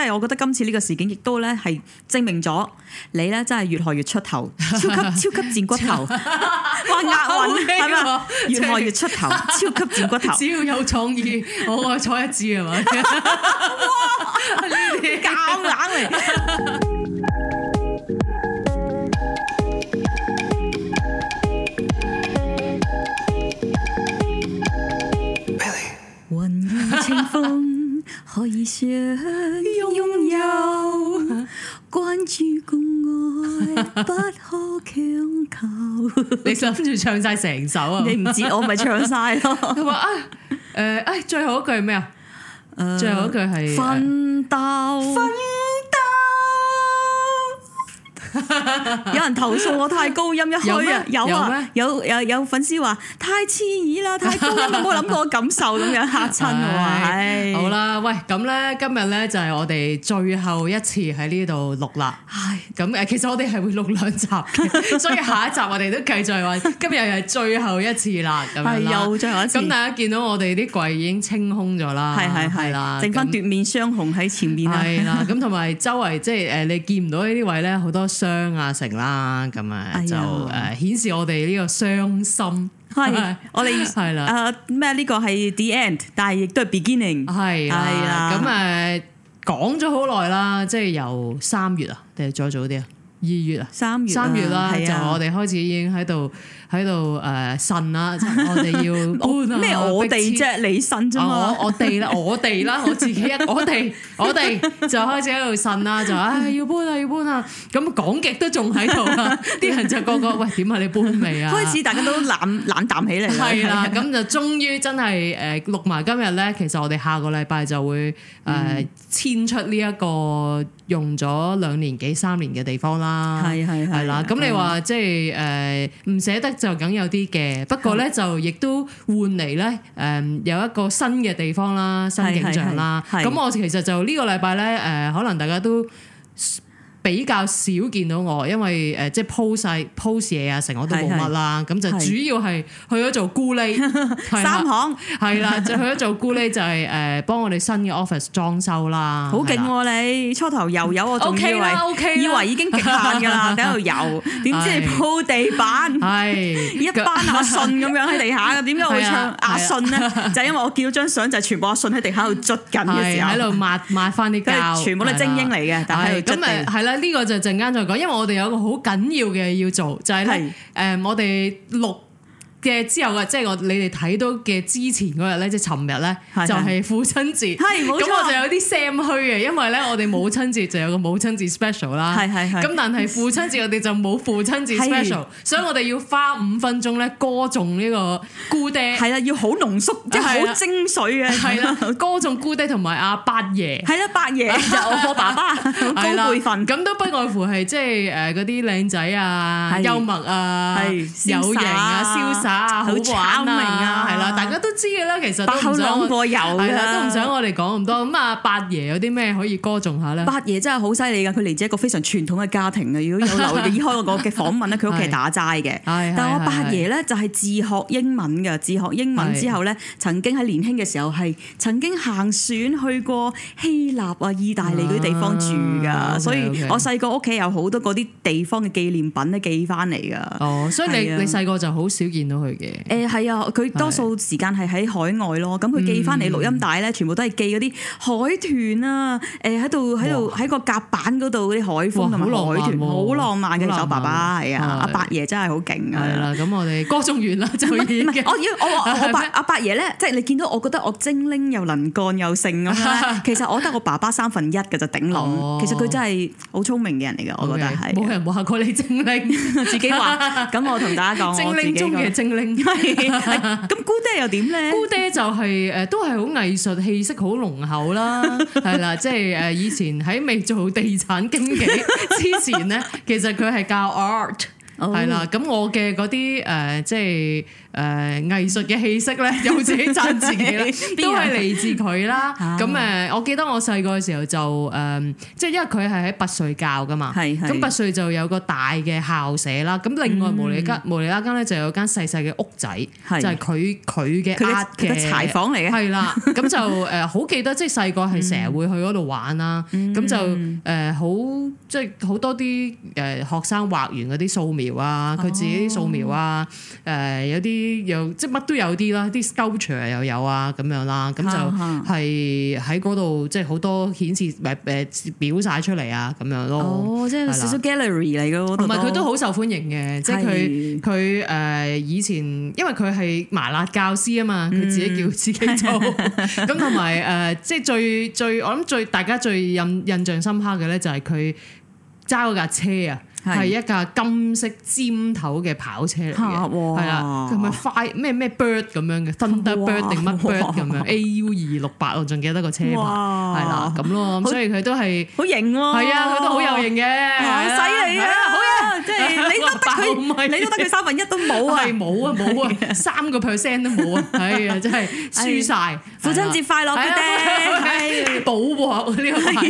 即係我覺得今次呢個事件亦都咧係證明咗你咧真係越學越出頭，超級超級賤骨頭，哇，押韻係咪？越學越出頭，超級賤骨頭。只要有創意，我坐一枝係咪？ 哇！夾硬嚟！你想擁有關注共愛，不可強求。 你諗住唱晒成首啊？你唔知我咪唱晒咯。佢話啊，誒誒，最後一句係咩啊？最後一句係瞓到有人投訴我太高音一開啊，有啊，有有有粉絲話太刺耳啦，太高音冇諗過感受咁樣，吓親我係。好啦，喂，咁咧今日咧就係我哋最後一次喺呢度錄啦。咁誒，其實我哋係會錄兩集，所以下一集我哋都繼續話今日又係最後一次啦。咁樣又最後一次。咁大家見到我哋啲櫃已經清空咗啦，係係係啦，剩翻奪面雙紅喺前面啦，係啦。咁同埋周圍即係誒，你見唔到呢啲位咧，好多傷啊成啦，咁啊就誒顯示我哋呢個傷心係我哋係啦，誒咩呢個係 the end，但係亦都係 beginning 係係啊，咁誒講咗好耐啦，即係由三月啊定係再早啲啊，二月啊三月，三月啦，就我哋開始已經喺度。喺度誒呻啦，我哋要搬啊！咩我哋啫？你呻啫嘛？我我哋啦，我哋啦，我自己一我哋我哋就開始喺度呻啦，就話唉要搬啊，要搬啊！咁講極都仲喺度啊！啲人就個個喂，點解啊？你搬未啊？開始大家都冷冷淡起嚟，係啦。咁就終於真係誒錄埋今日咧。其實我哋下個禮拜就會誒遷出呢一個用咗兩年幾三年嘅地方啦。係係係啦。咁你話即係誒唔捨得？就梗有啲嘅，不過咧就亦都換嚟咧，誒、呃、有一個新嘅地方啦，新景象啦。咁我其實就呢個禮拜咧，誒、呃、可能大家都比較少見到我，因為誒即係 post 曬 post 嘢啊，成日我都冇乜啦，咁就主要係去咗做咕喱，三行係啦，就去咗做咕喱就係誒幫我哋新嘅 office 裝修啦。好勁喎你，初頭油油我，ok 啦 ok 啦，以為已經勁瞓㗎啦，喺度油，點知鋪地板，一班阿信咁樣喺地下，點解會唱阿信咧？就因為我見到張相就係全部阿信喺地下喺度捽緊嘅時候，喺度抹抹翻啲膠，全部都精英嚟嘅，但係喺度捽地。咁咪係啦。呢個就陣間再講，因為我哋有一個好緊要嘅要做，就係咧，誒我哋錄。嘅之後啊，即係我你哋睇到嘅之前嗰日咧，即係尋日咧，就係父親節，係冇錯。咁我就有啲心虛嘅，因為咧我哋母親節就有個母親節 special 啦，係係係。咁但係父親節我哋就冇父親節 special，所以我哋要花五分鐘咧歌頌呢個姑爹，係啊要好濃縮，即係好精髓嘅，係啦，歌頌姑爹同埋阿八爺係啦，八爺有個爸爸高輩份，咁都不外乎係即係誒啲靚仔啊、幽默啊、係有型啊、瀟啊，好玩啊，係啦，大家都知嘅啦。其實都唔想油有啦，都唔想我哋講咁多。咁啊，八爺有啲咩可以歌頌下咧？八爺真係好犀利噶，佢嚟自一個非常傳統嘅家庭啊。如果有留意開我嘅訪問咧，佢屋企係打齋嘅。係係係。但係我八爺咧就係自學英文嘅，自學英文之後咧，曾經喺年輕嘅時候係曾經行船去過希臘啊、意大利嗰啲地方住噶。所以我細個屋企有好多嗰啲地方嘅紀念品咧寄翻嚟噶。哦，所以你你細個就好少見到。誒係啊，佢多數時間係喺海外咯，咁佢寄翻嚟錄音帶咧，全部都係寄嗰啲海豚啊，誒喺度喺度喺個甲板嗰度嗰啲海風同埋海豚，好浪漫嘅，其實我爸爸係啊，阿伯爺真係好勁啊！係啦，咁我哋歌頌完啦，仲有唔係我我我阿伯阿伯爺咧，即係你見到我覺得我精靈又能幹又盛啊，其實我覺得我爸爸三分一嘅就頂籠，其實佢真係好聰明嘅人嚟嘅。我覺得係冇人話過你精靈，自己話。咁我同大家講，精靈中嘅精。另咁姑爹又點咧？姑爹就係、是、誒，都係好藝術氣息好濃厚啦，係啦， 即係誒以前喺未做地產經紀之前咧，其實佢係教 art。係啦，咁、oh. 我嘅嗰啲誒，即係誒、呃、藝術嘅氣息咧，有自己贊自己 都係嚟自佢啦。咁誒、 呃，我記得我細個嘅時候就誒、呃，即係因為佢係喺百歲拔萃教噶嘛，咁拔萃就有個大嘅校舍啦。咁、嗯、另外無理加無理加間咧，就有間細細嘅屋仔，的就係佢佢嘅壓嘅柴房嚟嘅。係 啦，咁就誒好記得，即係細個係成日會去嗰度玩啦。咁、嗯、 就誒好，即係好多啲誒學生畫完嗰啲素描。啊！佢自己素描啊！誒有啲有即係乜都有啲啦，啲 sculpture 又有啊咁樣啦，咁就係喺嗰度即係好多顯示誒誒表晒出嚟啊咁樣咯。哦，即係少少 gallery 嚟嘅，同埋佢都好受歡迎嘅，即係佢佢誒以前，因為佢係麻辣教師啊嘛，佢自己叫自己做咁同埋誒，即係最最我諗最大家最印印象深刻嘅咧，就係佢揸嗰架車啊！係一架金色尖頭嘅跑車嚟嘅，係啦，佢咪快咩咩 bird 咁樣嘅 Thunderbird 定乜 bird 咁樣，AU 二六八我，仲記得個車牌係啦，咁咯，所以佢都係好型喎，係啊，佢都好有型嘅，好犀利啊，好啊，即係你都得佢，你都得佢三分一都冇，係冇啊冇啊，三個 percent 都冇啊，係啊，真係輸曬父親節快樂嘅，保鑊呢個牌，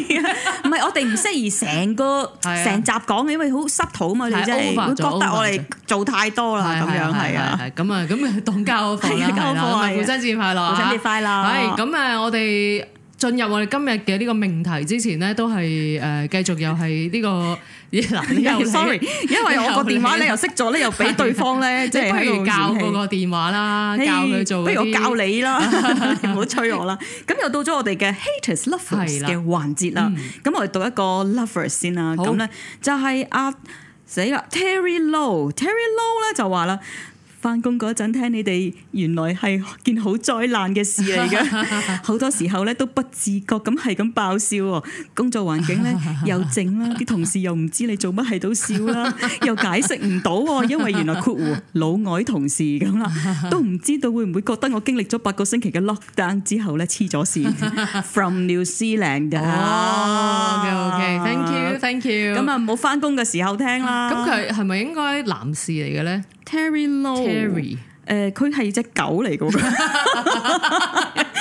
唔係我哋唔適宜成個成集講嘅，因為。好濕土嘛，對你真係會覺得我哋做太多啦咁了樣，係啊，係咁啊，咁啊，當交貨啦，唔係 父親節快樂，父親節快樂，係咁啊，我哋。進入我哋今日嘅呢個命題之前咧，都係誒、呃、繼續又係呢、這個，sorry， 來 因為我電呢 個電話咧又熄咗咧，又俾對方咧即係不如教個個電話啦，教佢做。不如我教你啦，唔好催我啦。咁又到咗我哋嘅 haters lovers 嘅環節啦。咁、嗯、我哋讀一個 lover 先啦。好啦，就係阿、啊、死啦，Terry Low，Terry Low 咧就話啦。翻工嗰陣聽你哋，原來係件好災難嘅事嚟噶，好多時候咧都不自覺咁係咁爆笑。工作環境咧又靜啦，啲同事又唔知你做乜係都笑啦，又解釋唔到，因為原來括弧老外同事咁啦，都唔知道會唔會覺得我經歷咗八個星期嘅 lockdown 之後咧黐咗線，from New Zealand 嘅。哦，OK OK，thank you，thank you。咁啊，冇翻工嘅時候聽啦。咁佢係咪應該男士嚟嘅咧？Terry Low，Terry，誒佢係隻狗嚟噶，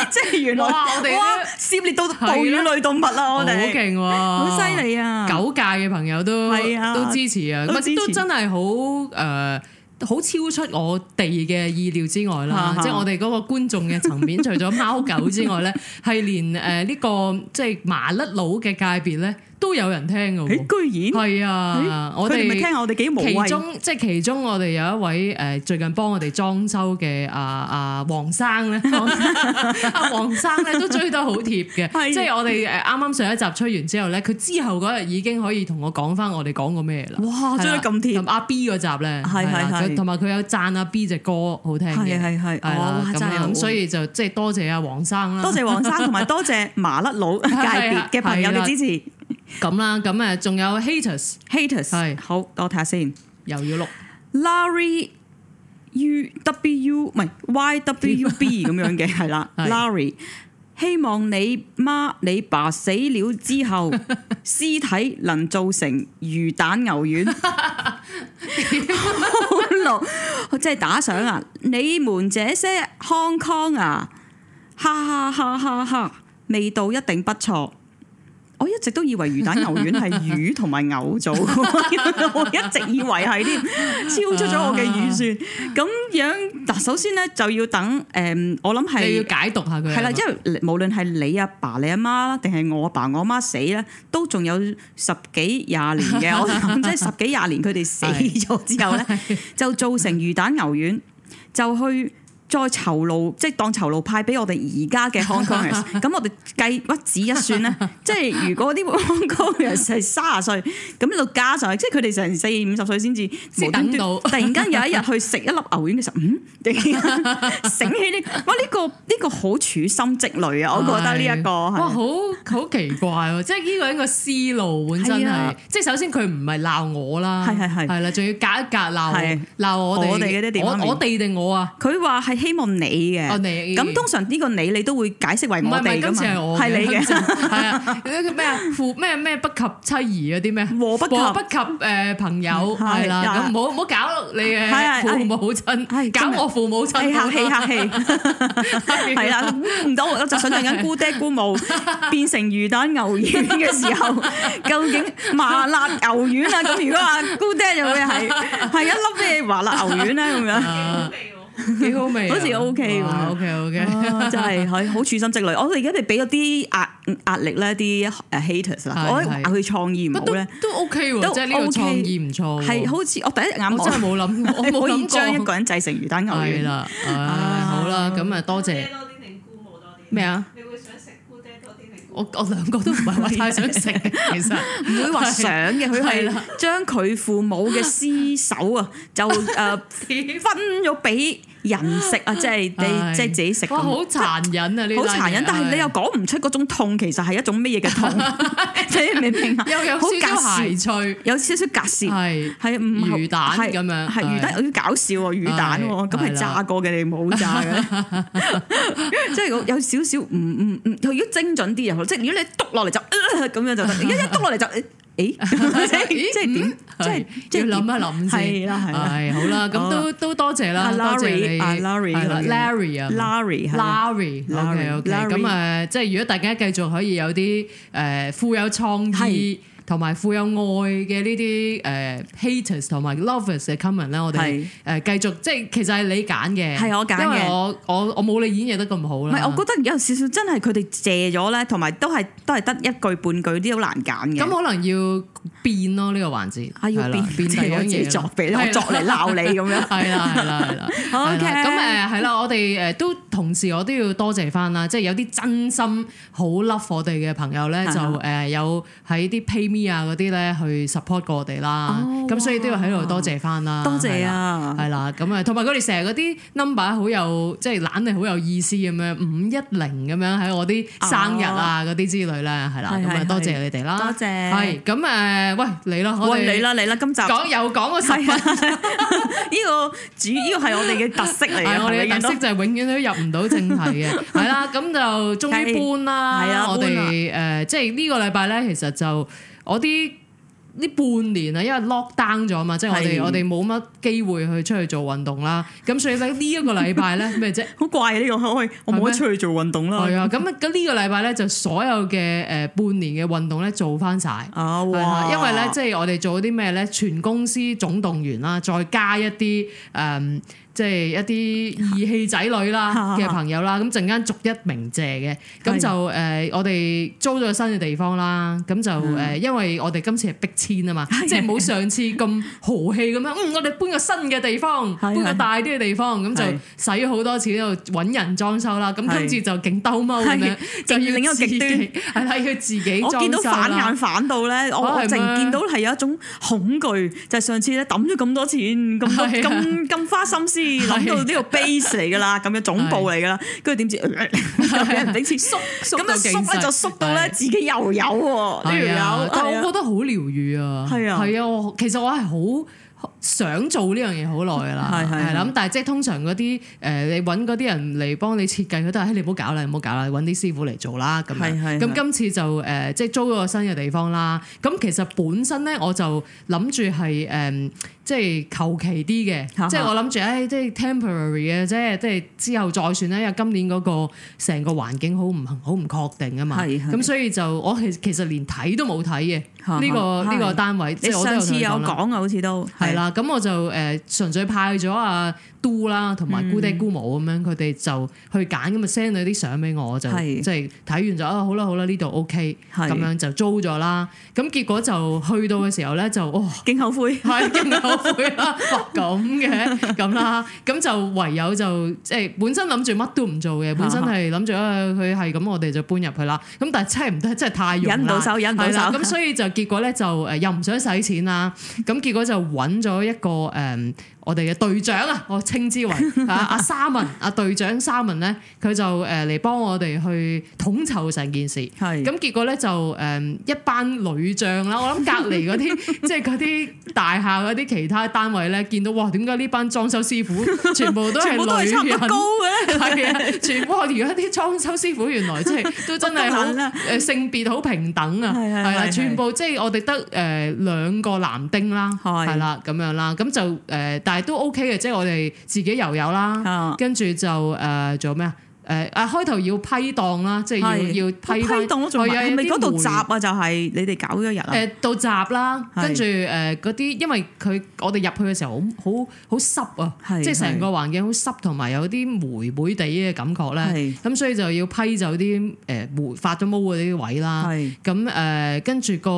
即係原來哇我哋涉獵到哺乳類動物啦，我哋好勁喎，好犀利啊！狗界嘅朋友都都支持啊，或者都真係好誒，好超出我哋嘅意料之外啦。即係我哋嗰個觀眾嘅層面，除咗貓狗之外咧，係連誒呢個即係麻甩佬嘅界別咧。都有人聽嘅，居然係啊！我哋咪聽下我哋幾無其中即係其中，我哋有一位誒最近幫我哋裝修嘅阿阿黃生咧，阿黃生咧都追得好貼嘅。即係我哋誒啱啱上一集吹完之後咧，佢之後嗰日已經可以同我講返我哋講過咩啦。哇，追得咁貼！同阿 B 嗰集咧，同埋佢有讚阿 B 隻歌好聽嘅，係係係。咁所以就即係多謝阿黃生啦。多謝黃生，同埋多謝麻甩佬界別嘅朋友嘅支持。咁啦，咁誒，仲有 haters，haters 係係，好，我睇下先，看看又要錄 Larry U W 唔係 Y W B 咁樣嘅係啦，Larry，希望你媽你爸死了之後，屍 體能做成魚蛋牛丸，好六，即係打賞啊！你們這些 Hong Kong 啊，哈哈哈哈哈，味道一定不錯。我一直都以為魚蛋牛丸係魚同埋牛做， 我一直以為係添，超出咗我嘅預算。咁樣，嗱，首先咧就要等，誒、呃，我諗係解讀下佢。係啦，因為無論係你阿爸、你阿媽定係我阿爸、我阿媽死咧，都仲有十幾廿年嘅， 我諗即係十幾廿年佢哋死咗之後咧，就做成魚蛋牛丸就去。再酬勞，即係當酬勞派俾我哋而家嘅香港人，咁我哋計屈指一算咧，即係如果啲香港人係卅歲，咁呢度加上去，即係佢哋成四五十歲先至，即等到突然間有一日去食一粒牛丸嘅時候，嗯，醒起呢，哇呢個呢個好處心積累啊！我覺得呢一個哇好好奇怪喎，即係呢個一個思路真係，即係首先佢唔係鬧我啦，係係係，係啦，仲要隔一隔鬧我我哋，我我哋定我啊？佢話係。希望你嘅，咁通常呢個你，你都會解釋為我哋咁啊。今次係我，係你啊。係啊，嗰啲咩啊，父咩咩不及妻兒啊啲咩，和不及，和不及誒朋友係啦。咁唔好唔好搞你嘅父母親，搞我父母親，氣客氣客氣。係啦，唔到我就想象緊姑爹姑母變成魚蛋牛丸嘅時候，究竟麻辣牛丸啊？咁如果話姑爹就會係係一粒咩麻辣牛丸咧咁樣。幾好味，嗰時 O K 咁 O K O K，真係喺好處心積慮。我哋而家你俾咗啲壓壓力咧，啲誒 haters 啦，我話佢創意唔好咧，都 O K 喎，即係呢個創意唔錯，係好似我第一眼真係冇諗，我可以將一個人製成魚蛋牛丸啦，係好啦，咁啊多謝，咩啊？我我兩個都唔係話太想食 其實唔會話想嘅，佢係 將佢父母嘅屍首啊，就誒分咗俾。人食啊，即係你即係自己食哇！好殘忍啊，呢好殘忍，但係你又講唔出嗰種痛，其實係一種咩嘢嘅痛？你明唔明啊？又有少少諧趣，有少少隔笑，係係唔係魚蛋咁樣，係魚蛋有啲搞笑喎，魚蛋喎，咁係炸過嘅你唔好炸嘅？即係有少少唔唔唔，佢要精準啲，又好。即係如果你篤落嚟就咁樣就，一一篤落嚟就。誒，即係即係，要諗一諗先。係，好啦，咁都都多謝啦，多謝你。係啦，Larry 啊 l a r r y l a r y o k OK。咁啊，即係如果大家繼續可以有啲誒富有創意。同埋富有愛嘅呢啲誒 haters 同埋 lovers 嘅 comment 咧，我哋誒繼續即係其實係你揀嘅，係我揀嘅，因為我我我冇你演嘢得咁好啦。唔係，我覺得有少少真係佢哋借咗咧，同埋都係都係得一句半句啲好難揀嘅。咁可能要變咯呢個環節，要變，變第二樣嘢作弊啦，作嚟鬧你咁樣。係啦係啦係啦咁誒係啦，我哋誒都同時我都要多謝翻啦，即係有啲真心好 love 我哋嘅朋友咧，就誒有喺啲啊嗰啲咧去 support 過我哋啦，咁所以都要喺度多謝翻啦，多謝啊，係啦，咁啊，同埋佢哋成日嗰啲 number 好有，即係懶定好有意思咁樣，五一零咁樣喺我啲生日啊嗰啲之類咧，係啦，咁啊多謝你哋啦，多謝，係咁誒，喂你啦，我哋你啦你啦，今集講又講個細分，呢個主要係我哋嘅特色嚟，我哋嘅特色就係永遠都入唔到正題嘅，係啦，咁就終於搬啦，係啊，我哋誒即係呢個禮拜咧，其實就。我啲呢半年啊，因為 lock down 咗嘛，是即係我哋我哋冇乜機會去出去做運動啦。咁是所以咧呢一個禮拜咧咩啫？好怪啊！呢個可唔可以我冇得出去做運動啦。係啊，咁咁、這個、呢個禮拜咧就所有嘅誒、呃、半年嘅運動咧做翻晒、啊，因為咧即係我哋做啲咩咧，全公司總動員啦，再加一啲誒。呃即係一啲義氣仔女啦嘅朋友啦，咁陣間逐一鳴謝嘅，咁就誒我哋租咗新嘅地方啦，咁就誒因為我哋今次係逼遷啊嘛，即係冇上次咁豪氣咁樣，嗯我哋搬個新嘅地方，搬個大啲嘅地方，咁就使咗好多錢喺度揾人裝修啦，咁跟住就勁兜踎咁樣，就要另一個極端係睇佢自己裝修啦。我見到反眼反到咧，我淨見到係有一種恐懼，就係上次咧抌咗咁多錢，咁咁咁花心思。諗到呢個 base 嚟噶啦，咁樣總部嚟噶啦，跟住點知、呃、又俾人逼遷縮縮到，縮咧就縮到咧自己又有，都有，但我覺得好療愈啊，係啊的，係啊，其實我係好想做呢樣嘢好耐噶啦，係係咁，但係即係通常嗰啲誒，你搵嗰啲人嚟幫你設計，佢都係，你唔好搞啦，唔好搞啦，搵啲師傅嚟做啦，咁咁的今次就誒、呃，即係租咗個新嘅地方啦，咁其實本身咧，我就諗住係誒。呃即係求其啲嘅，即係我諗住，誒，即係 temporary 嘅啫，即係之後再算啦。因為今年嗰個成個環境好唔好唔確定啊嘛，咁是是 所以就我其實其實連睇都冇睇嘅呢個呢、呢個單位。是是即是 你上次有講啊，好似都係啦。咁我就誒純粹派咗阿都啦，同埋姑爹姑母咁樣，佢哋、嗯、就去揀咁啊 send 咗啲相俾我，就是是即係睇完就啊好啦好啦呢度 OK，咁樣就租咗啦。咁結果就去到嘅時候咧就哇勁後悔，係勁後。咁嘅咁啦，咁就唯有就即係本身諗住乜都唔做嘅，本身係諗住佢係咁，我哋就搬入去啦。咁但係真係唔得，真係太容易啦。忍唔到手，忍唔到手。咁、嗯、所以就結果咧，就誒又唔想使錢啦。咁結果就揾咗、呃、一個誒。呃我哋嘅隊長啊，我稱之為啊阿沙文，阿隊長沙文咧，佢就誒嚟幫我哋去統籌成件事。咁是結果咧就誒一班女將啦，我諗隔離嗰啲即係嗰啲大廈嗰啲其他單位咧，見到哇點解呢班裝修師傅全部都係女嘅？係 全部而家啲裝修師傅原來即、就、係、是、都真係誒 性別好平等啊，係啊，全部即係我哋得誒兩個男丁啦，係啦咁樣啦，咁就誒但。都 OK 嘅，即係我哋自己又有啦，跟住 Hello. 就誒、呃，做咩啊？誒啊！開頭要批檔啦，即係要要批檔，係咪嗰度閘啊？就係你哋搞咗一日啊？誒、呃、到閘啦，是跟住誒嗰啲，因為佢我哋入去嘅時候好好好濕啊，是即係成個環境好濕，同埋有啲霉霉地嘅感覺咧。咁是所以就要批走啲誒黴發咗毛嗰啲位啦。咁誒是、呃、跟住、那個誒、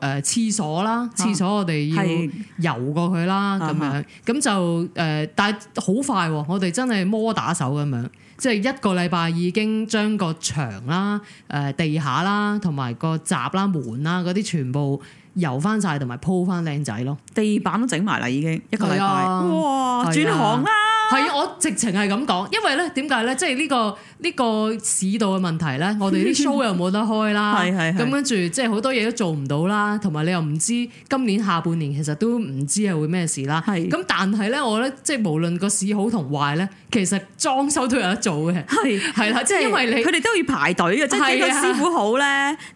呃、廁所啦，廁所我哋要油過去啦，咁樣咁就誒，但係好快喎，我哋真係摩打手咁樣。即係一個禮拜已經將個牆啦、誒地下啦、同埋個閘啦、門啦嗰啲全部油翻晒同埋鋪翻靚仔咯，地板都整埋啦，已經一個禮拜，啊、哇！啊、轉行啦、啊，係啊！我直情係咁講，因為咧點解咧？即係呢、呢個呢、呢個市道嘅問題咧， 我哋啲 show 又冇得開啦，係咁跟住即係好多嘢都做唔到啦，同埋你又唔知今年下半年其實都唔知係會咩事啦。係咁是，但係咧，我覺得即係無論個市好同壞咧。其實裝修都有得做嘅，係係啦，即係，因為佢哋都要排隊嘅，即係呢個師傅好咧，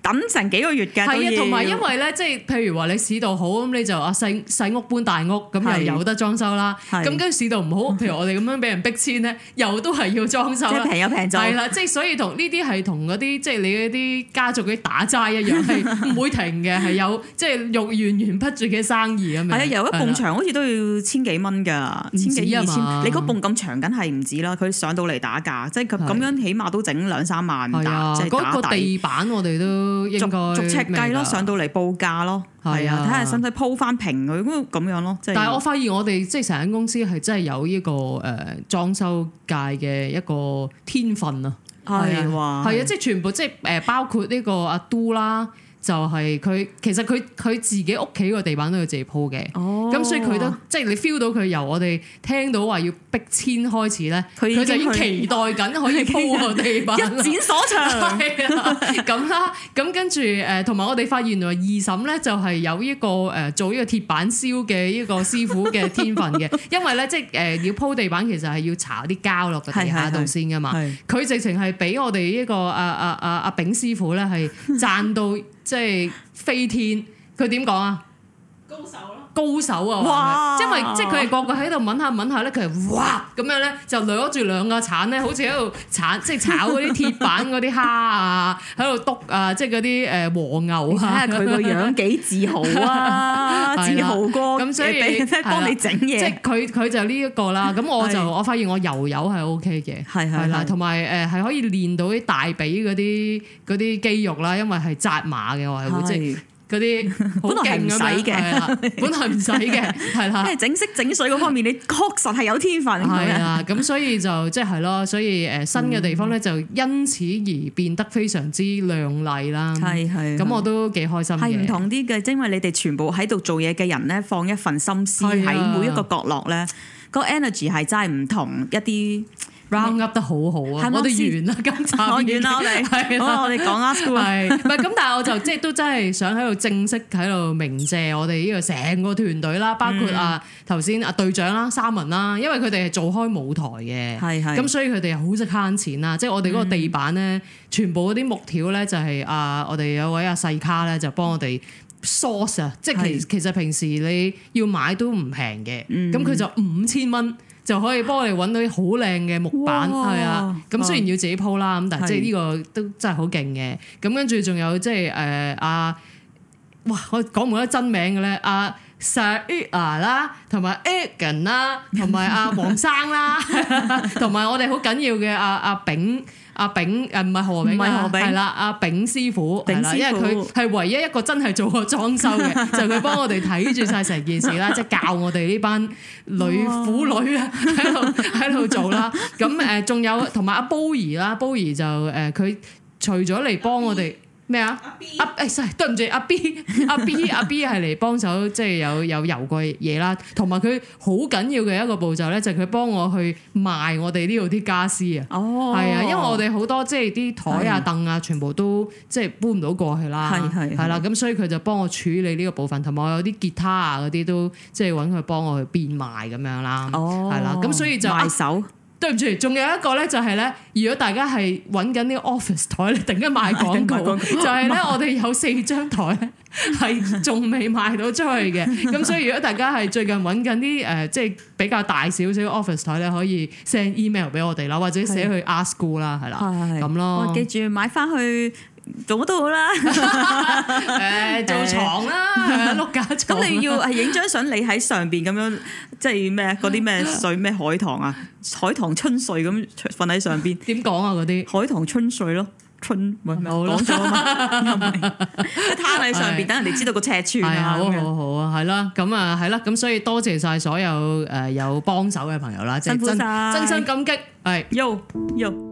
等成幾個月嘅。係啊，同埋因為咧，即係譬如話你市道好咁，你就話細細屋搬大屋咁又有得裝修啦。咁跟住市道唔好，譬如我哋咁樣俾人逼遷咧，又都係要裝修。即平又平咗。係啦，即係所以同呢啲係同嗰啲即係你嗰啲家族嗰啲打齋一樣，係唔會停嘅，係有即係肉源源不絕嘅生意咁樣。係啊，有一埲牆好似都要千幾蚊噶，千幾二千，你嗰埲咁長梗係。係唔止啦，佢上到嚟打價，即係咁樣，起碼都整兩三萬打，即係打底，嗰個地板我哋都逐尺計咯，上到嚟報價咯，係啊，睇下使唔使鋪翻平佢咁樣咯。但係我發現我哋即係成間公司係真係有呢個誒裝修界嘅一個天分啊！係係啊，即係全部即係誒包括呢個阿都啦。就係佢，其實佢佢自己屋企個地板都要自己鋪嘅，咁、oh. 嗯、所以佢都即係你 feel 到佢由我哋聽到話要逼遷開始咧，佢就已經期待緊可以鋪個地板，一展所長。係啊，咁啦，咁跟住誒，同埋我哋發現原來二嬸咧就係有依個誒做呢個鐵板燒嘅依個師傅嘅天分嘅，因為咧即係誒要鋪地板其實係要搽啲膠落個地下度先㗎嘛，佢直情係俾我哋依個阿阿阿阿炳師傅咧係賺到。即係飛天，佢點講啊？高手。高手啊！即因為即係佢哋個個喺度揾下揾下咧，佢係哇咁樣咧，就攞住兩個鏟咧，好似喺度鏟即係炒嗰啲鐵板嗰啲蝦啊，喺度篤啊，即係嗰啲誒和牛啊。睇下佢個樣幾自豪啊，自豪過咁，所以即係幫你整嘢。即係佢佢就呢一個啦。咁我就我發現我油油係 OK 嘅，係係啦，同埋誒係可以練到啲大髀嗰啲啲肌肉啦，因為係扎馬嘅我係會即係。嗰啲，本來係唔使嘅，了 本來唔使嘅，係啦。即係整色整水嗰方面，你確實係有天分。係啊了，咁 所以就即係係咯，所以誒新嘅地方咧就因此而變得非常之亮麗啦。係係、嗯，咁我都幾開心嘅。係唔同啲嘅，因為你哋全部喺度做嘢嘅人咧，放一份心思喺每一個角落咧，了個 energy 係真係唔同一啲。round up 得好好啊！我哋完啦，今集我完啦，我哋我我講啊，係唔係咁？但係我就即係都真係想喺度正式喺度鳴謝我哋呢個成個團隊啦，包括啊頭先啊隊長啦、三文啦，因為佢哋係做開舞台嘅，咁，所以佢哋好識慳錢啦。即係我哋嗰個地板咧，全部嗰啲木條咧就係啊，我哋有位阿細卡咧就幫我哋 source 啊，即係其其實平時你要買都唔平嘅，咁佢就五千蚊。就可以幫我哋揾到啲好靚嘅木板，係啊哇，咁的雖然要自己鋪啦，咁的但係即係呢個都真係好勁嘅。咁跟住仲有即係誒阿哇，我講唔記得真名嘅咧，阿 Sara 啦，同埋 Egan 啦，同埋阿黃生啦，同埋我哋好緊要嘅阿阿炳。阿炳誒，唔係何炳啊，係啦，阿炳、啊啊、師傅係啦、啊，因為佢係唯一一個真係做過裝修嘅， 就係佢幫我哋睇住晒成件事啦，即係 教我哋呢班女婦女、 呃、啊喺度喺度做啦。咁、啊、誒，仲有同埋阿 Boyi 啦 Boyi 就誒，佢、呃、除咗嚟幫我哋。 咩啊？阿誒，對唔住，阿 B，阿 B，阿 B 係嚟幫手，即係有有油過嘢啦。同埋佢好緊要嘅一個步驟咧，就係佢幫我去賣我哋呢度啲家俬。啊。哦，係啊，因為我哋好多即係啲台啊、凳啊，全部都即係搬唔到過去啦。係係啦，咁所以佢就幫我處理呢個部分，同埋我有啲吉他啊嗰啲都即係揾佢幫我去變賣咁樣啦。哦，係啦，咁所以就對唔住，仲有一個咧，就係咧，如果大家係揾緊啲 office 台咧，突然間賣廣告， 就係咧，我哋有四張台咧，係仲未賣到出去嘅。咁 所以如果大家係最近揾緊啲誒，即係比較大少少 office 台咧，可以 send email 俾我哋啦，或者寫去 ASKGOO 啦的，係啦的，咁咯。我記住買翻去。做乜都好啦，誒做牀啦，碌架牀。咁你要係影張相，你喺上邊咁樣，即係咩嗰啲咩睡咩海棠啊，海棠春睡咁瞓喺上邊。點講啊嗰啲？海棠春睡咯，春唔係咪好啦？都攤喺上邊，等人哋知道個尺寸啊。好，好，好啊，係啦，咁啊，係啦，咁所以多謝曬所有誒有幫手嘅朋友啦，真真真心感激，係，Yo Yo。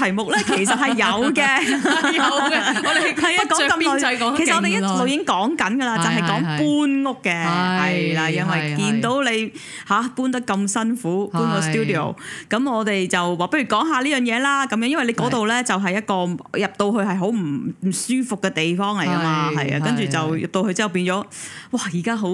題目咧其實係有嘅， 有嘅。我哋係啊，講咁耐，其實我哋已經錄影講緊噶啦，就係、是、講搬屋嘅，係啦，因為見到你吓、啊，搬得咁辛苦，搬個 studio，咁我哋就話不如講下呢樣嘢啦，咁樣，因為你嗰度咧就係一個入到去係好唔唔舒服嘅地方嚟噶嘛，係啊，跟住就入到去之後變咗，哇！而家好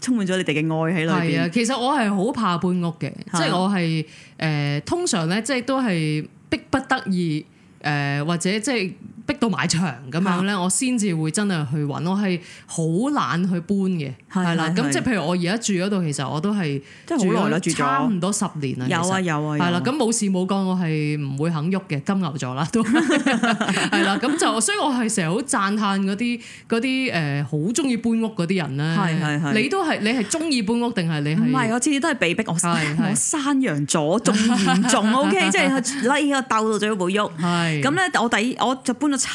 充滿咗你哋嘅愛喺裏邊。啊，其實我係好怕搬屋嘅是的、呃，即係我係誒通常咧，即係都係。逼不得已，誒、呃，或者即係。逼到埋牆咁樣咧，我先至會真係去揾，我係好懶去搬嘅，係啦。咁即係譬如我而家住嗰度，其實我都係好耐啦，住咗差唔多十年啦。有啊有啊，係啦。咁冇事冇幹，我係唔會肯喐嘅金牛座啦，都係啦。咁就所以我係成日好讚歎嗰啲嗰啲誒好中意搬屋嗰啲人咧，係係係。你都係你係中意搬屋定係你係？唔係我次次都係被逼，我山我山羊座仲嚴重，OK？即係拉起個鬥到最尾冇喐。係咁咧，我第我就搬七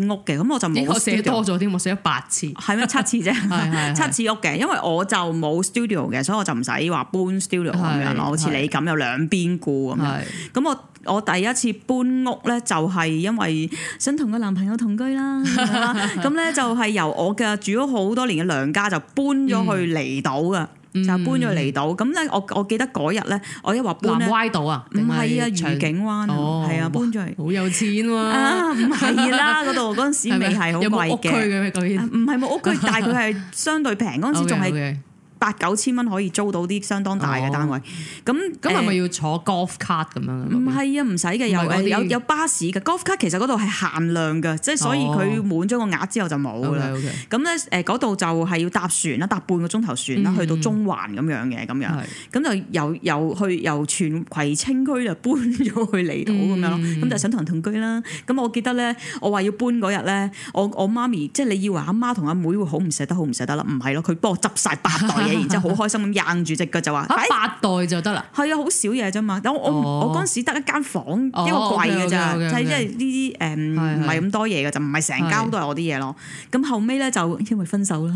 次屋嘅，咁我就冇。我寫多咗添。我寫咗八次。係咩？七次啫， 是是是七次屋嘅，因為我就冇 studio 嘅，所以我就唔使話搬 studio 咁樣咯，是是好似你咁有兩邊顧咁樣。咁是是 我我第一次搬屋咧，就係因為想同個男朋友同居啦。咁咧 就係由我嘅住咗好多年嘅娘家就搬咗去離島㗎。嗯嗯嗯、就搬咗嚟到，咁咧我我記得嗰日咧，我一話搬咧，南丫島啊，唔係啊，愉景灣，係、哦、啊，哇搬咗嚟。好有錢喎、啊，唔係、 啊、啦，嗰度嗰陣時未係好貴嘅，唔係冇屋區，但係佢係相對平，嗰陣 時仲係。Okay, okay. 八九千蚊可以租到啲相當大嘅單位，咁咁係咪要坐 golf car 咁樣？唔係啊，唔使嘅，有有，有巴士嘅 golf car。其實嗰度係限量嘅，即係噢所以佢滿咗個額之後就冇噶啦。咁咧誒，嗰度就係要搭船啦，搭半個鐘頭船啦，去到中環咁樣嘅咁樣，咁就由由去由，由，由荃葵青區就搬咗去離島咁樣咯。咁、嗯、就想同人同居啦。咁我記得咧，我話要搬嗰日咧，我我，我媽咪即係你以為阿媽同阿妹，妹會好唔捨得好唔捨得啦？唔係咯，佢幫我執晒八袋。 然之後好開心咁掗住隻腳就話嚇八袋就得啦，係啊，好少嘢啫嘛。我我我嗰陣時得一間房一個櫃嘅咋，就係即係呢啲誒唔係咁多嘢嘅就唔係成間都係我啲嘢咯。咁後尾咧就因為分手啦，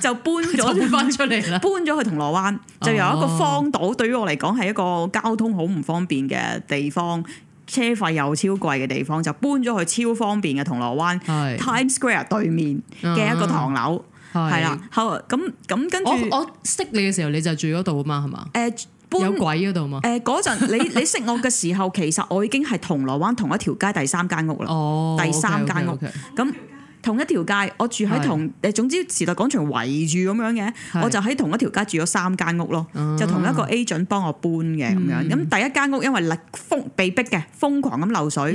就搬咗搬出嚟啦，搬咗去銅鑼灣，就由一個荒島對於我嚟講係一個交通好唔方便嘅地方，車費又超貴嘅地方，就搬咗去超方便嘅銅鑼灣，Times Square 對面嘅一個唐樓。係啦，好，咁咁跟住我我識你嘅時候你就住嗰度啊嘛，係嘛？誒，搬，有鬼嗰度嘛？誒，嗰陣你你識我嘅時候，其實我已經係銅鑼灣同一條街第三間屋啦，哦，第三間屋，咁，okay, okay , okay.。同一條街，我住喺同，誒，總之時代廣場圍住咁樣嘅，我就喺同一條街住咗三間屋咯，就同一個 agent 幫我搬嘅咁樣。咁第一間屋因為力瘋被逼嘅，瘋狂咁漏水，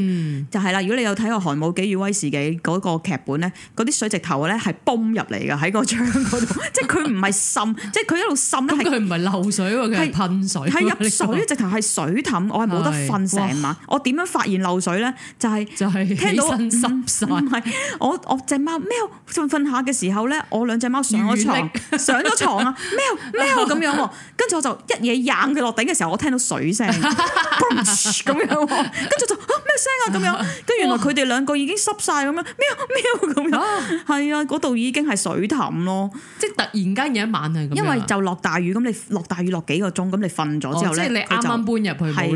就係啦。如果你有睇過《寒武紀與威士忌》嗰個劇本咧，嗰啲水直頭咧係泵入嚟嘅，喺個窗嗰度，即係佢唔係滲，即係佢一路滲咧係。佢唔係漏水喎，佢係噴水，係入水直頭係水氹，我係冇得瞓成晚。我點樣發現漏水咧？就係就係聽到滲我。隻貓喵？瞓瞓下嘅時候咧，我兩隻貓上咗床，力上咗床啊！喵喵？咁樣，跟住我就一嘢掹佢落底嘅時候，我聽到水聲，咁樣，跟住就啊咩聲啊？咁、啊、樣，跟原來佢哋兩個已經濕晒咁樣，喵喵咁樣，係啊，嗰度已經係水潭咯，即係突然間有一晚係，因為就落大雨，咁你落大雨落幾個鐘，咁你瞓咗之後咧，啱啱、哦、搬入去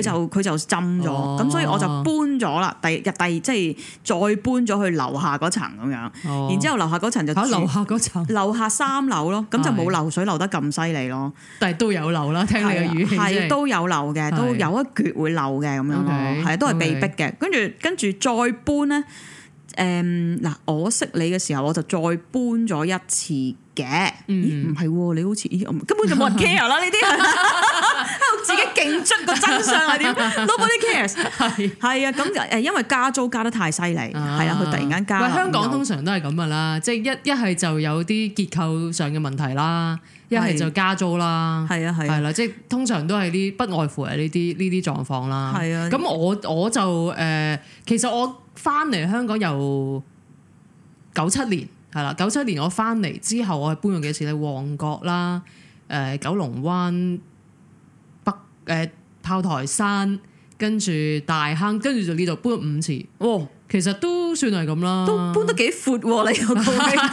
佢就佢就浸咗，咁、哦、所以我就搬咗啦，第日第二即係再搬咗去樓。下嗰層咁樣，然之後下層、啊、樓下嗰層就，吓樓下嗰層，樓下三樓咯，咁就冇漏水漏得咁犀利咯，但係都有漏啦，聽你嘅語氣係都有漏嘅，都有，的都有一橛會漏嘅咁樣，係 Okay, 都係被逼嘅 okay.，跟住跟住再搬咧，誒、呃、嗱，我識你嘅時候我就再搬咗一次嘅，唔係、mm hmm.，你好似咦，根本就冇人 care 啦呢啲。 自己勁憎個真相係點？Nobody cares。係啊，咁誒，因為加租加得太犀利，係啊，佢、啊、突然間加喂。香港通常都係咁啊啦，即係牛一一係就有啲結構上嘅問題啦，一係、啊、就加租啦，係啊係，係啦、啊，即係、啊啊、通常都係啲不外乎係呢啲呢啲狀況啦。係啊，咁我我就誒、呃，其實我翻嚟香港由九七年係啦，九七、啊、年我翻嚟之後，我係搬咗幾次，旺角啦，誒、呃，九龍灣。誒，炮台山跟住大坑，跟住就呢度搬五次，哦，其實都算係咁啦，都搬得幾闊喎，你又，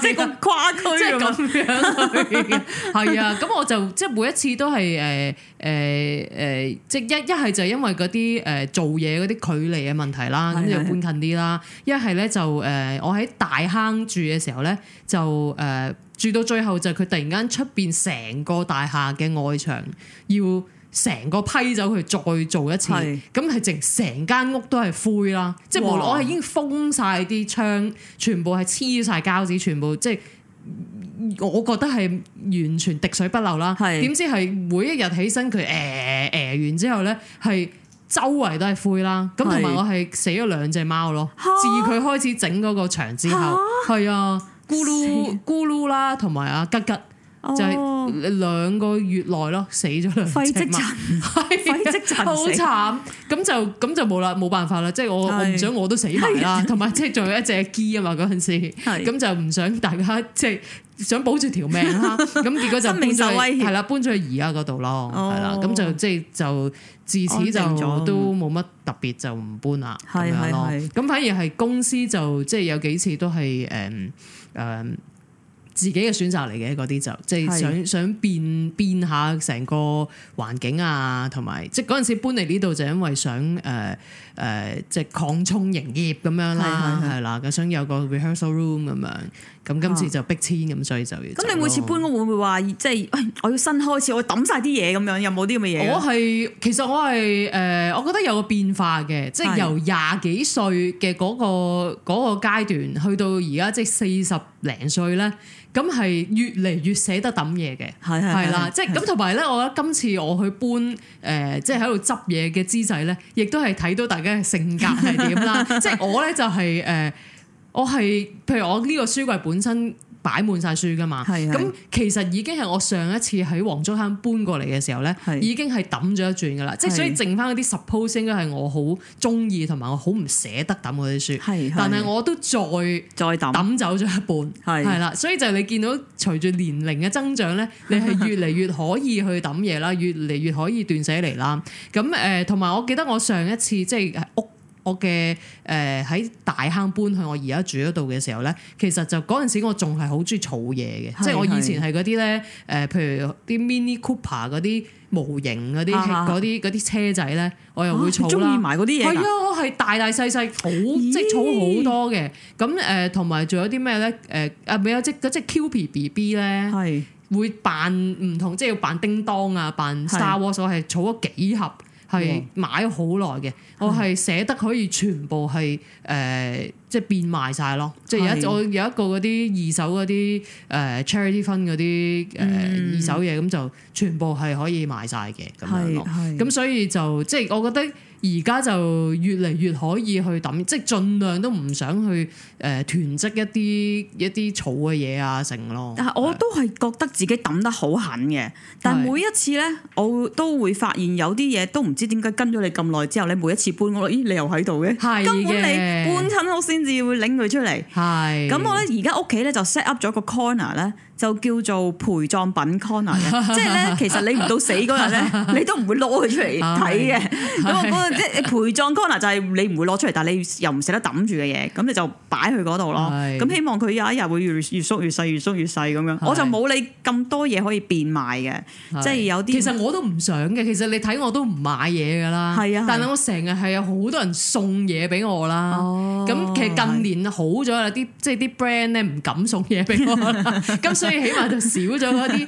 即係咁跨區，即係咁樣嘅，係啊，咁我就即係每一次都係誒誒誒，即係一一係就係因為嗰啲誒做嘢嗰啲距離嘅問題啦，咁就搬近啲啦，一係咧就誒，我喺大坑住嘅時候咧，就誒住到最後就佢突然間出邊成個大廈嘅外牆要。成個批走佢再做一次，咁係是整成間屋都係灰啦，哇即係無論我係已經封晒啲窗，全部係黐晒膠紙，全部即係我覺得係完全滴水不漏啦。點是知係每一日起身佢誒誒完之後咧，係周圍都係灰啦。咁同埋我係死咗兩隻貓咯，自佢哈開始整嗰個牆之後，係哈啊咕嚕咕嚕啦，同埋阿吉吉。就係兩個月內咯，死咗啦。肺積塵，肺積塵，好慘。咁就咁就冇啦，冇辦法啦。即係我，我唔想我都死埋啦。同埋即係仲有一隻雞啊嘛，嗰陣時。咁就唔想大家即係想保住條命啦。咁結果就搬咗，係啦，搬咗去而家嗰度咯。係啦，咁就即係就自此就都冇乜特別，就唔搬啦。咁係係。咁反而係公司就即係有幾次都係誒誒。自己嘅選擇嚟嘅，嗰啲就即係想想變變下成個環境啊，同埋即係嗰陣時搬嚟呢度就因為想誒誒、呃呃、即係擴充營業咁樣啦，係啦的是的，咁想有個 rehearsal room 咁樣。咁今次就逼遷咁，所以就咁。啊、你每次搬屋會唔會話，即、就、係、是、我要新開始，我要抌晒啲嘢咁樣，有冇啲咁嘅嘢？我係其實我係誒、呃，我覺得有個變化嘅，即係由廿幾歲嘅嗰、嗰個嗰、嗰個、階段去到而家即係四十零歲咧，咁係越嚟越捨得抌嘢嘅，係係啦。即係咁同埋咧，我覺得今次我去搬誒、呃，即係喺度執嘢嘅姿勢咧，亦都係睇到大家嘅性格係點啦。即係 我咧就係、係、誒。呃我係，譬如我呢個書櫃本身擺滿晒書噶嘛，咁是是 其實已經係我上一次喺黃竹坑搬過嚟嘅時候咧，是是已經係揼咗一轉噶啦，即係是是 所以剩翻嗰啲 suppose 應該係我好中意同埋我好唔捨得揼嗰啲書，是是但係我都再再揼扔 走咗一半，係啦是是，所以就你見到隨住年齡嘅增長咧，你係越嚟越可以去揼嘢啦，越嚟越可以斷捨離啦，咁誒同埋我記得我上一次即係屋。我嘅誒喺大坑搬去我而家住嗰度嘅時候咧，其實就嗰陣時我仲係好中意儲嘢嘅，是是即係我以前係嗰啲咧誒，譬如啲 Mini Cooper 嗰啲模型嗰啲嗰啲嗰啲車仔咧，我又會儲啦。中意、啊、買嗰啲嘢。係啊，我係大大細細好意即係儲好多嘅。咁誒同埋仲有啲咩咧？誒、呃、啊！咪有隻嗰隻 QP BB 咧，係是會扮唔同，即係要扮叮當啊，扮 Star Wars，係是我儲咗幾盒。係買好耐嘅，我係捨得可以全部係誒。呃即係變賣晒咯。是即係有一有一個嗰啲二手嗰啲誒 charity 分嗰啲誒二手嘢，咁就全部係可以賣晒嘅咁樣咯。咁是是 所以就即係、就是、我覺得而家就越嚟越可以去抌，即係盡量都唔想去誒囤積一啲一啲草嘅嘢啊成咯。但係我都係覺得自己抌得好狠嘅，的但係每一次咧，我都會發現有啲嘢都唔知點解跟咗你咁耐之後，你每一次搬我話，咦，你又喺度嘅，根本你搬親我先。對是會拎佢出嚟，係咁我咧而家屋企咧就 set up 咗個 corner 咧，就叫做陪葬品 corner 嘅，即係咧其實你唔到死嗰日咧，你都唔會攞佢出嚟睇嘅，咁嗰個即係陪葬 corner 就係你唔會攞出嚟，但係你又唔捨得抌住嘅嘢，咁你就擺去嗰度咯。咁希望佢有一日會越越縮越細，越縮越細咁樣。我就冇你咁多嘢可以變賣嘅，即係有啲其實我都唔想嘅。其實你睇我都唔買嘢㗎啦，係啊，但係我成日係有好多人送嘢俾我啦，咁近年好咗啦，啲即係啲 brand 咧唔敢送嘢俾我啦，咁 所以起碼就少咗嗰啲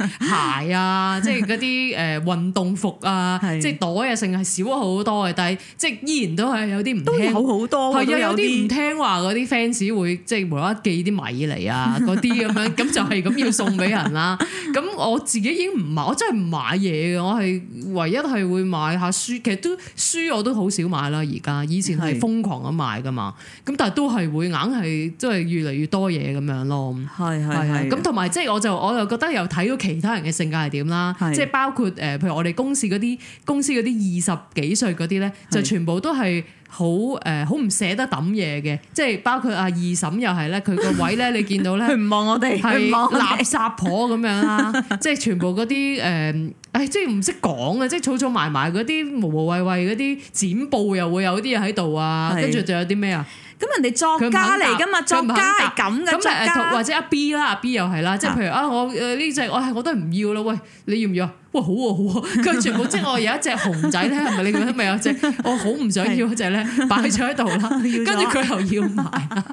鞋啊， 即係嗰啲誒運動服啊， 即係袋啊，剩係少咗好多嘅。但係即係依然都係有啲唔聽，好好多係啊，有啲唔聽話嗰啲 fans 會即係無啦啦寄啲米嚟啊，嗰啲咁樣，咁就係咁要送俾人啦。咁 我自己已經唔買，我真係唔買嘢嘅，我係唯一係會買下書。其實都書我都好少買啦，而家以前係瘋狂咁買噶嘛，咁但係都。係會硬係，即係越嚟越多嘢咁樣咯。係係係，咁同埋即係我就我就覺得又睇到其他人嘅性格係點啦。即係是的 包括誒，譬如我哋公司嗰啲公司嗰啲二十幾歲嗰啲咧，是的 就全部都係好誒，好唔捨得抌嘢嘅。即係包括阿二嬸又係咧，佢個位咧，你見到咧，佢唔望我哋係垃圾婆咁 樣啦。即係全部嗰啲誒，誒即係唔識講啊，即係儲儲埋埋嗰啲無無謂謂嗰啲剪布又會有啲嘢喺度啊，跟住仲有啲咩啊？咁人哋作家嚟噶嘛？作家係咁噶，作家或者阿 B 啦，阿 B 又係啦，即係譬如啊，我呢隻我係我都係唔要咯。喂，你要唔要啊？哇，好啊，好啊！佢全部即係我有一隻熊仔咧，係咪你咁樣咪有隻？我好唔想要嗰隻咧，擺咗喺度啦。跟住佢又要埋，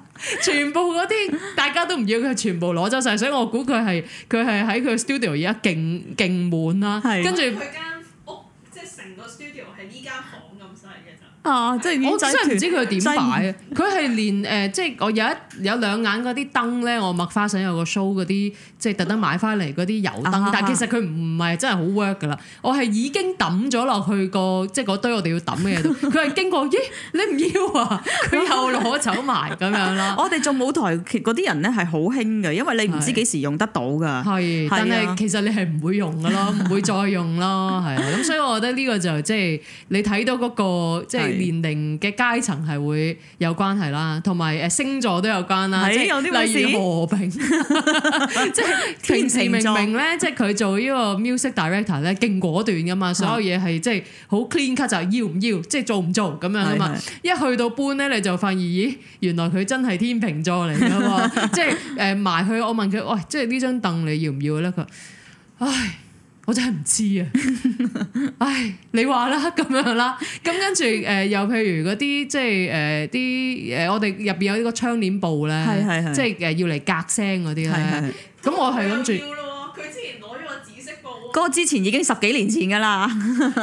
全部嗰啲大家都唔要，佢全部攞走晒。所以我估佢係佢係喺佢 studio 而家勁勁滿啦。跟住佢間屋即係成個 studio 係呢間啊、即係我真係唔知佢點擺啊！佢係正連誒，即、呃、係、就是、我有一有兩眼嗰啲燈咧，我麥花臣有個 show 嗰啲，即、就、係、是、特登買翻嚟嗰啲油燈，啊、哈 但其實佢唔係真係好 work 噶啦。我係已經抌咗落去個即係嗰堆我哋要抌嘅嘢，佢係經過，咦？你唔要啊？佢又攞走埋咁 樣啦。我哋做舞台劇嗰啲人咧係好興㗎，因為你唔知幾時用得到㗎。係，但係其實你係唔會用嘅咯，唔 會再用咯。係啊，咁所以我覺得呢個就即係你睇到嗰、那個即係。年齡嘅階層係會有關係啦，同埋誒星座都有關啦。即係有啲例如 座事和平，即係平時明明咧， 即係佢做呢個 music director 咧，勁果斷噶嘛，所有嘢係即係好 clean cut 就係要唔要，即係做唔做咁樣啊嘛。的一去到搬咧，你就發現咦，原來佢真係天秤座嚟噶，即係誒埋去我問佢，喂、欸，即係呢張凳你要唔要咧？佢話，唉。我真係唔知啊！唉，你話啦，咁樣啦，咁跟住誒，又譬如嗰啲即係誒啲誒，我哋入邊有呢個窗簾布咧，是是是即係要嚟隔聲嗰啲咧，咁是我係諗住。嗰之前已經十幾年前㗎啦，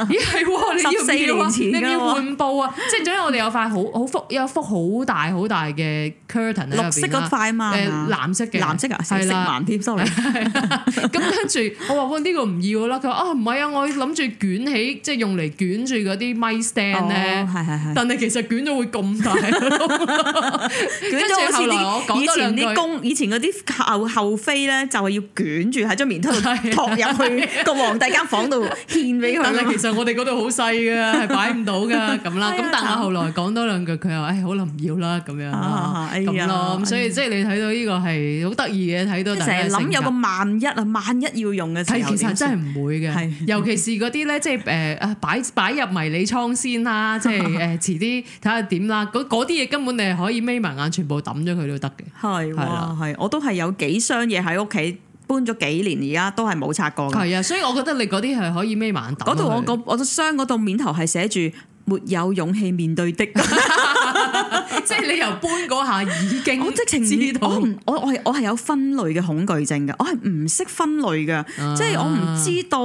咦係？十四年前㗎喎，你要換布啊！即係總之我哋有塊好好幅有幅好大好大嘅 curtain，綠色嗰塊啊嘛、呃，藍色嘅藍色，色藍、Sorry、 啊，係藍添 sorry，咁跟住我話：呢個唔要啦！佢話：啊，唔係啊，我諗住捲起，即係用嚟捲住嗰啲 mic stand 咧。哦、係係係，但係其實捲咗會咁大，捲咗好似以前啲宮，以前嗰啲後後妃咧，就係、係、要捲住喺張棉胎度托入去。 個皇帝間房度獻俾佢。其實我哋嗰度好細㗎，擺唔到㗎咁啦。咁、 哎、呀但係後來講多兩句，佢又誒好啦，唔、哎、要啦咁樣啦，咁咯、啊。所以即係你睇到呢個係好得意嘅，睇到成日諗有個萬一啊，萬一要用嘅時候。其實真係唔會嘅，是尤其是嗰啲咧，即係誒啊擺擺入迷你倉先啦，即係誒、呃、遲啲睇下點啦。嗰啲嘢根本你係可以眯埋眼，全部抌咗佢都得嘅。係係，我都係有幾箱嘢喺屋企。搬咗幾年，而家都係冇拆過嘅。係啊，所以我覺得你嗰啲係可以孭埋眼。嗰度我個我個箱嗰度面頭係寫住沒有勇氣面對的， 即係你由搬嗰下已經。我直情知，知道，我我我係有分類嘅恐懼症嘅，我係唔識分類嘅，啊、即係我唔知道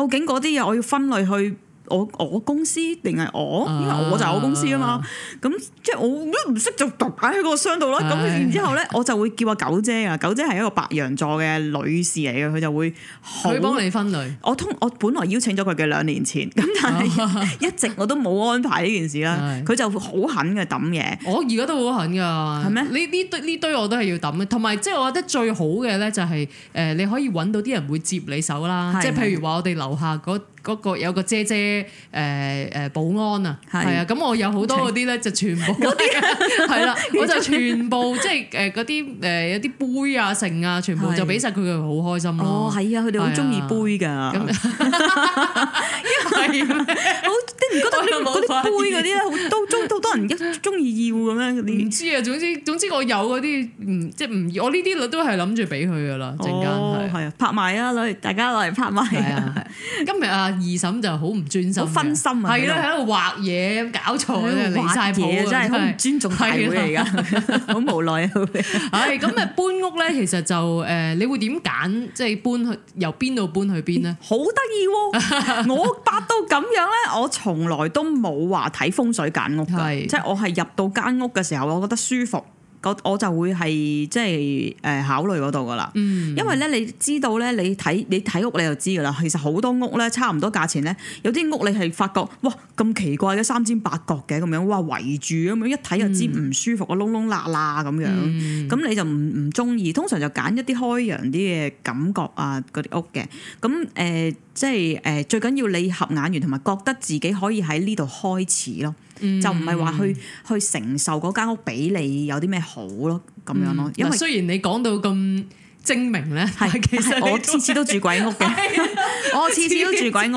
究竟嗰啲嘢我要分類去。我我公司定係我，因為我就係我公司啊嘛。咁即係我都唔識，就揼喺個箱度啦。咁然之後咧，我就會叫阿九姐啊。九姐係一個白羊座嘅女士嚟嘅，佢就會佢幫你分類。我通我本來邀請咗佢嘅兩年前，咁但係一直我都冇安排呢件事啦。佢、啊、就好狠嘅抌嘢。我而家都好狠㗎，係咩嗎？呢呢堆呢堆我都係要抌嘅。同埋即係我覺得最好嘅咧，就係誒你可以揾到啲人會接你手啦。即係譬如話我哋樓下嗰嗰、嗰個有個姐姐。誒誒，保安啊，係啊，咁我有好多嗰啲咧，就全部係啦，我就全部即係誒嗰啲，誒有啲杯啊、剩啊，全部就俾晒佢，佢好開心咯。哦，係啊，佢哋好中意杯噶，因為我唔覺得啲嗰啲杯嗰啲咧，好都都好多人一中意要咁咩嗰啲唔知啊，總之總之我有嗰啲唔即係唔，我呢啲都係諗住俾佢噶啦，陣間拍賣啊，攞嚟大家攞嚟拍賣。今日阿二嬸就好唔專。好分心啊！係啦對，喺度畫嘢，搞錯錯，畫晒嘢，面真係好唔尊重大會嚟噶，好對 無奈。唉， 咁啊搬屋咧，其實就誒，你會點揀？即係搬去由邊度搬去邊咧？好得意喎！我八到咁樣咧， 我從來都冇話睇風水揀屋嘅，即係的 我係入到間屋嘅時候，我覺得舒服。我就會係即係誒考慮嗰度㗎喇，因為咧你知道咧，你睇你睇屋你就知㗎喇。其實好多屋咧差唔多價錢咧，有啲屋你係發覺哇咁奇怪嘅三尖八角嘅咁樣，哇圍住咁樣一睇就知唔舒服啊，窿窿罅罅咁樣，咁你就唔唔中意。通常就揀一啲開揚啲嘅感覺啊，嗰啲屋嘅。咁誒、呃、即係誒、呃、最緊要你合眼緣同埋覺得自己可以喺呢度開始咯。就唔係話去去承受嗰間屋俾你有啲咩好咯，咁樣咯。因為雖然你講到咁精明咧，係是其實我次次都住鬼屋嘅，啊、 我次次都住鬼屋。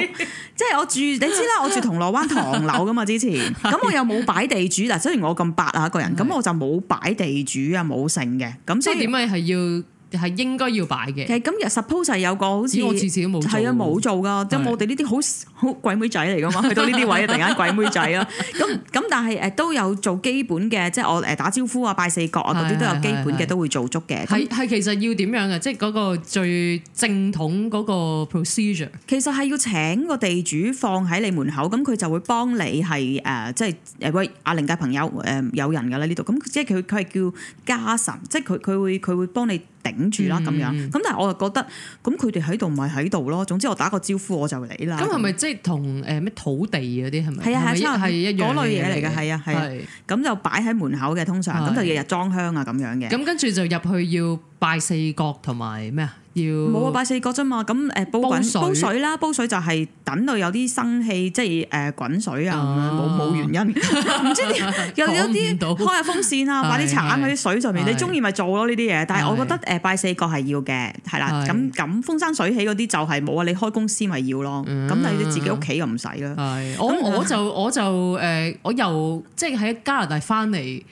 即係 我住，你知啦，我住銅鑼灣唐樓噶嘛，之前咁我又冇擺地主嗱，雖然我咁白啊一個人，咁是我就冇擺地主啊，冇剩嘅。咁是所以點解係要？係應該要擺嘅。其實咁，若 suppose 係有個好似，冇係啊冇做噶，即係是的 我哋呢啲好好鬼妹仔嚟噶嘛， 去到呢啲位突然間鬼妹仔啊。咁咁， 但係誒都有做基本嘅，即係我誒打招呼啊、拜四角啊嗰啲都有基本嘅，都會做足嘅。係係，其實要點樣啊？那即係嗰個最正統嗰個 procedure。其實係要請個地主放喺你門口，咁佢就會幫你係誒、呃，即係誒喂，靈界朋友誒、呃、有人㗎啦呢度。咁即係佢佢係叫家神，即係佢佢會佢會幫你。頂住啦咁樣，咁、嗯、但係我就覺得，咁佢哋喺度咪喺度咯。總之我打個招呼我就嚟啦。咁係咪即係同誒咩土地嗰啲係咪？係啊係啊，係一樣嗰類嘢嚟嘅，係啊係啊。咁就擺喺門口嘅，通常咁的就日日裝香啊咁樣嘅。咁、嗯、跟住就入去要。拜四角同埋咩啊？要冇啊！拜四角啫嘛。咁誒煲滾煲水啦，煲水，水就係等到有啲生氣，即係誒、呃、滾水啊。冇冇原因，唔 不出 知點有有啲開下風扇啊，擺啲橙喺啲水上面。是是是你中意咪做咯呢啲嘢。但係我覺得誒拜四角係要嘅，係啦。咁咁是是 風生水起嗰啲就係冇啊。你開公司咪要咯。咁、嗯、你自己屋企又唔使啦。咁我，、嗯、我就我就誒，我又、呃、即係喺加拿大翻嚟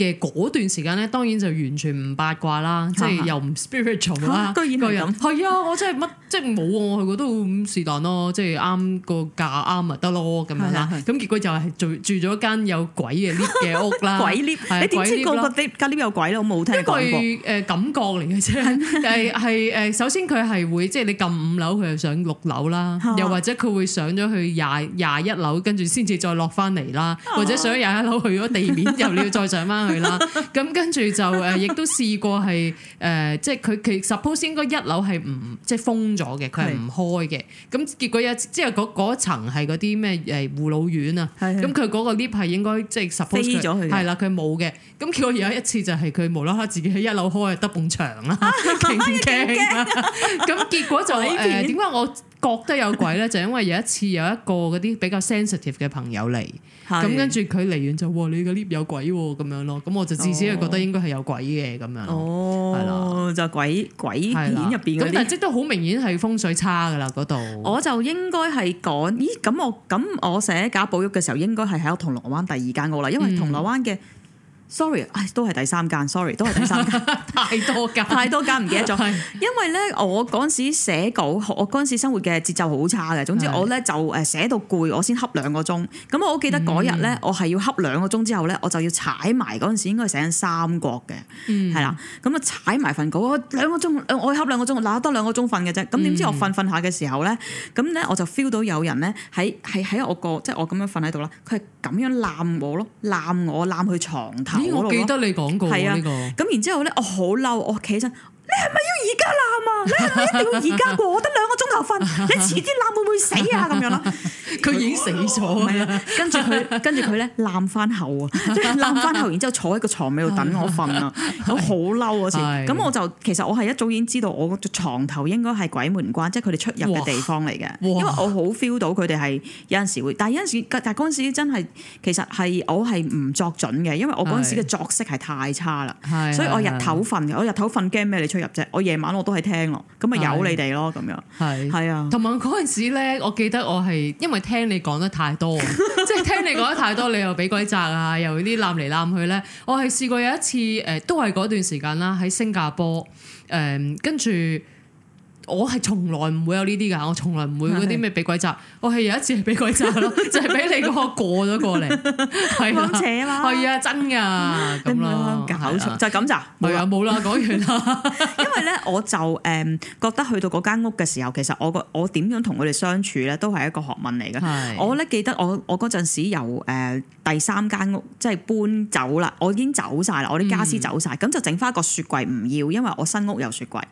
嘅嗰段時間咧，當然就完全唔八卦啦，即係又唔 spiritual 啦。居然咁，係啊！我真係乜即係冇啊！我去過都是但咯，即係啱個價啱咪得咯咁樣啦。咁結果就係住住咗間有鬼嘅 lift 嘅屋啦。鬼 lift？你點知個個 lift 間 lift 有鬼咧？我冇聽講過。因為感覺嚟嘅啫，係係誒。首先佢係會即係你撳五樓，佢係上六樓啦。又或者佢會上咗去廿廿一樓，跟住先至再落翻嚟啦。或者上咗廿一樓去咗地面，又你要再上翻。係啦，咁跟住就誒，亦都試過係誒、呃，即係佢其實 suppose 應該一樓係唔即係封咗嘅，佢係唔開嘅。咁是的 結果有即係嗰嗰層係嗰啲咩誒護老院啊，咁佢嗰個 lift 係應該即係 suppose 飛咗佢係啦，佢冇嘅。咁結果有一次就係佢無啦啦自己喺一樓開得半埲牆啦，停機。咁 驚、啊 啊劇啊、結果就誒點解我？覺得有鬼咧，就是、因為有一次有一個嗰啲比較 sensitive 嘅朋友嚟，咁是跟住佢嚟完就，你個 lift 有鬼喎，哦，咁樣咯，咁我就至少係覺得應該係有鬼嘅咁樣，係，哦，啦，就鬼鬼片入邊咁，但係即都好明顯係風水差噶啦嗰度。我就應該係講，咦，咁我咁我寫賈寶玉嘅時候應該係喺銅鑼灣第二間屋啦，因為銅鑼灣嘅。嗯 sorry，唉、哎，都係第三間，sorry，都係第三間，sorry，三間 太多間， 太多間唔記得咗。是因為咧，我嗰陣時寫稿，我嗰陣時生活嘅節奏好差嘅。總之我咧就誒寫到攰，我先瞌兩個鐘。咁我記得嗰日咧，我係要瞌兩個鐘之後咧，嗯、我就要踩埋嗰陣時應該寫緊三國嘅，係、嗯、啦。咁啊踩埋份稿，我兩個鐘，我瞌兩個鐘，嗱多兩個鐘瞓嘅啫。咁點知我瞓瞓下嘅時候咧，咁咧、嗯、我就 feel 到有人咧喺喺喺我個，即、就、係、是、我咁樣瞓喺度啦。佢係咁樣攬我咯，攬我攬佢床頭。咦，我記得你講過喎，呢個，係啊。咁然之後咧，我好嬲，我企起身。你係咪要而家攬啊？你一定要而家過，我得兩個鐘頭瞓。你遲啲攬會唔會死啊？咁樣啦，佢已經死咗、哦啊。跟住佢，跟住佢咧攬翻後啊，即係攬翻後，然之後坐喺個床尾度等我瞓啊！ 我好嬲嗰次。咁 我就其實我係一早已經知道，我個牀頭應該係鬼門關，即係佢哋出入嘅地方嚟嘅哇。因為我好 feel 到佢哋係有陣時會，但係有陣時，但係嗰陣時真係其實係我係唔作準嘅，因為我嗰陣時嘅作息係太差啦。的所以我日頭瞓嘅，我日頭瞓驚咩嚟？你出入啫，我夜晚我都係聽咯，咁咪由你哋咯，咁的樣係係啊。同埋嗰陣時咧，我記得我係因為聽你講得太多，即係 聽你講得太多，你又俾鬼責啊，又啲攬嚟攬去咧，我係試過有一次，誒、呃，都係嗰段時間啦，喺新加坡，誒、呃，跟住。我係從來唔會有呢啲噶，我從來唔會嗰啲咩俾鬼責，我係有一次係俾鬼責咯，就係俾你個過咗過嚟，係啦，咁扯嘛，係啊，真噶，咁啦，搞錯就咁咋，係啊，冇啦，講完啦，因為咧我就誒覺得去到嗰間屋嘅時候，其實我個我點樣同佢哋相處咧，都係一個學問嚟嘅。我咧記得我我嗰陣時由誒第三間屋即係搬走啦，我已經走晒啦，我啲家私走晒。咁就整翻個雪櫃唔要，因為我新屋有雪櫃，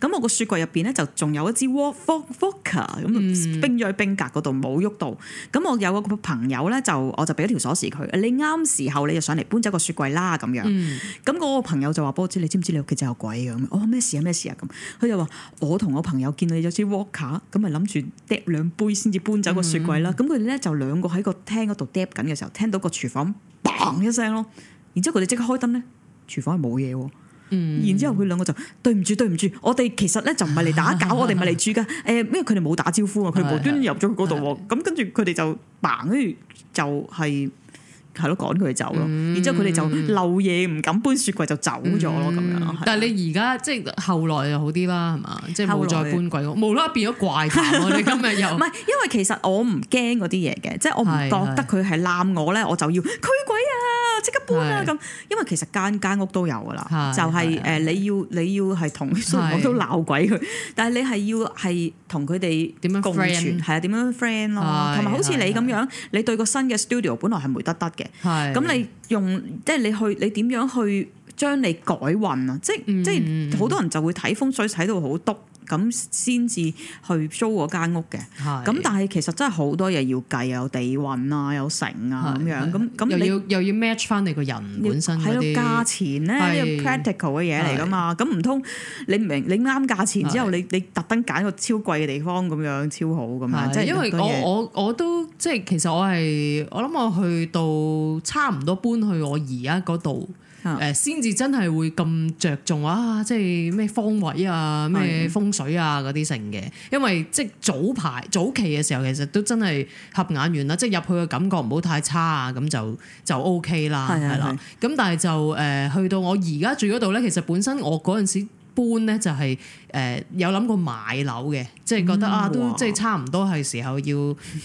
咁我個雪櫃入邊咧就。仲有一支 walk vodka 咁、嗯，冰咗喺冰格嗰度冇喐到。咁我有個朋友咧，就我就俾咗條鎖匙佢。你啱時候你就上嚟搬走個雪櫃啦咁樣。咁我、嗯、個朋友就話，波姐，你知唔知你屋企就有鬼嘅？咁我話咩事啊？咩事啊？咁佢就話：我同我朋友見到你有支 Walker，咁咪諗住打兩杯先至搬走個雪櫃啦。咁佢哋咧就兩個喺個廳嗰度打緊嘅時候，聽到個廚房砰一聲咯。然之後佢哋即刻開燈咧，廚房係冇嘢喎。然之後佢兩個就，對唔住，對唔住，我哋其實咧就唔係嚟打攪， 我哋唔係嚟住噶。誒，因為佢哋冇打招呼啊，佢無端端入咗嗰度喎。咁跟住佢哋就掹，跟住就係係咯趕佢哋走咯。然之後佢哋就漏、是、 夜唔敢搬雪櫃就走咗咯咁樣。但係你而家即係後來就好啲啦，係嘛？即係冇再搬鬼，來無啦啦變咗怪我哋 今日又唔係 因為其實我唔驚嗰啲嘢嘅，即係我唔覺得佢係攬我咧，我就要驅鬼啊！即刻搬啦咁，因為其實間間屋都有噶啦，就係誒你要你要係同所有人都鬧鬼佢，但係你係要係同佢哋點樣共存，係啊，點樣 friend 咯，同埋好似你咁樣，你對個新嘅 studio 本來係霉得得嘅，咁是你用即係你去你點樣去將你改運啊？即即係好多人就會睇風水睇到好篤。咁先至去租嗰間屋嘅，咁是但係其實真係好多嘢要計，有地運啊，有城啊咁的樣，咁咁又要你又要 match 翻你個人本身嗰啲價錢咧，practical 嘅嘢嚟㗎嘛，咁唔通你唔明你啱價錢之後，的你你特登揀個超貴嘅地方咁樣超好咁啊？的因為我我我，我都即係其實我係我諗我去到差唔多搬去我而家嗰度。誒，先至真係會咁着重啊，即係咩方位啊，咩風水啊嗰啲成嘅。因為即早排早期嘅時候，其實都真係合眼緣啦，即係入去嘅感覺唔好太差啊，咁就就 O K 啦，係啦。咁但係就誒，去到我而家住嗰度咧，其實本身我嗰陣時搬咧就係誒有諗過買樓嘅，即係覺得啊，都即係差唔多係時候要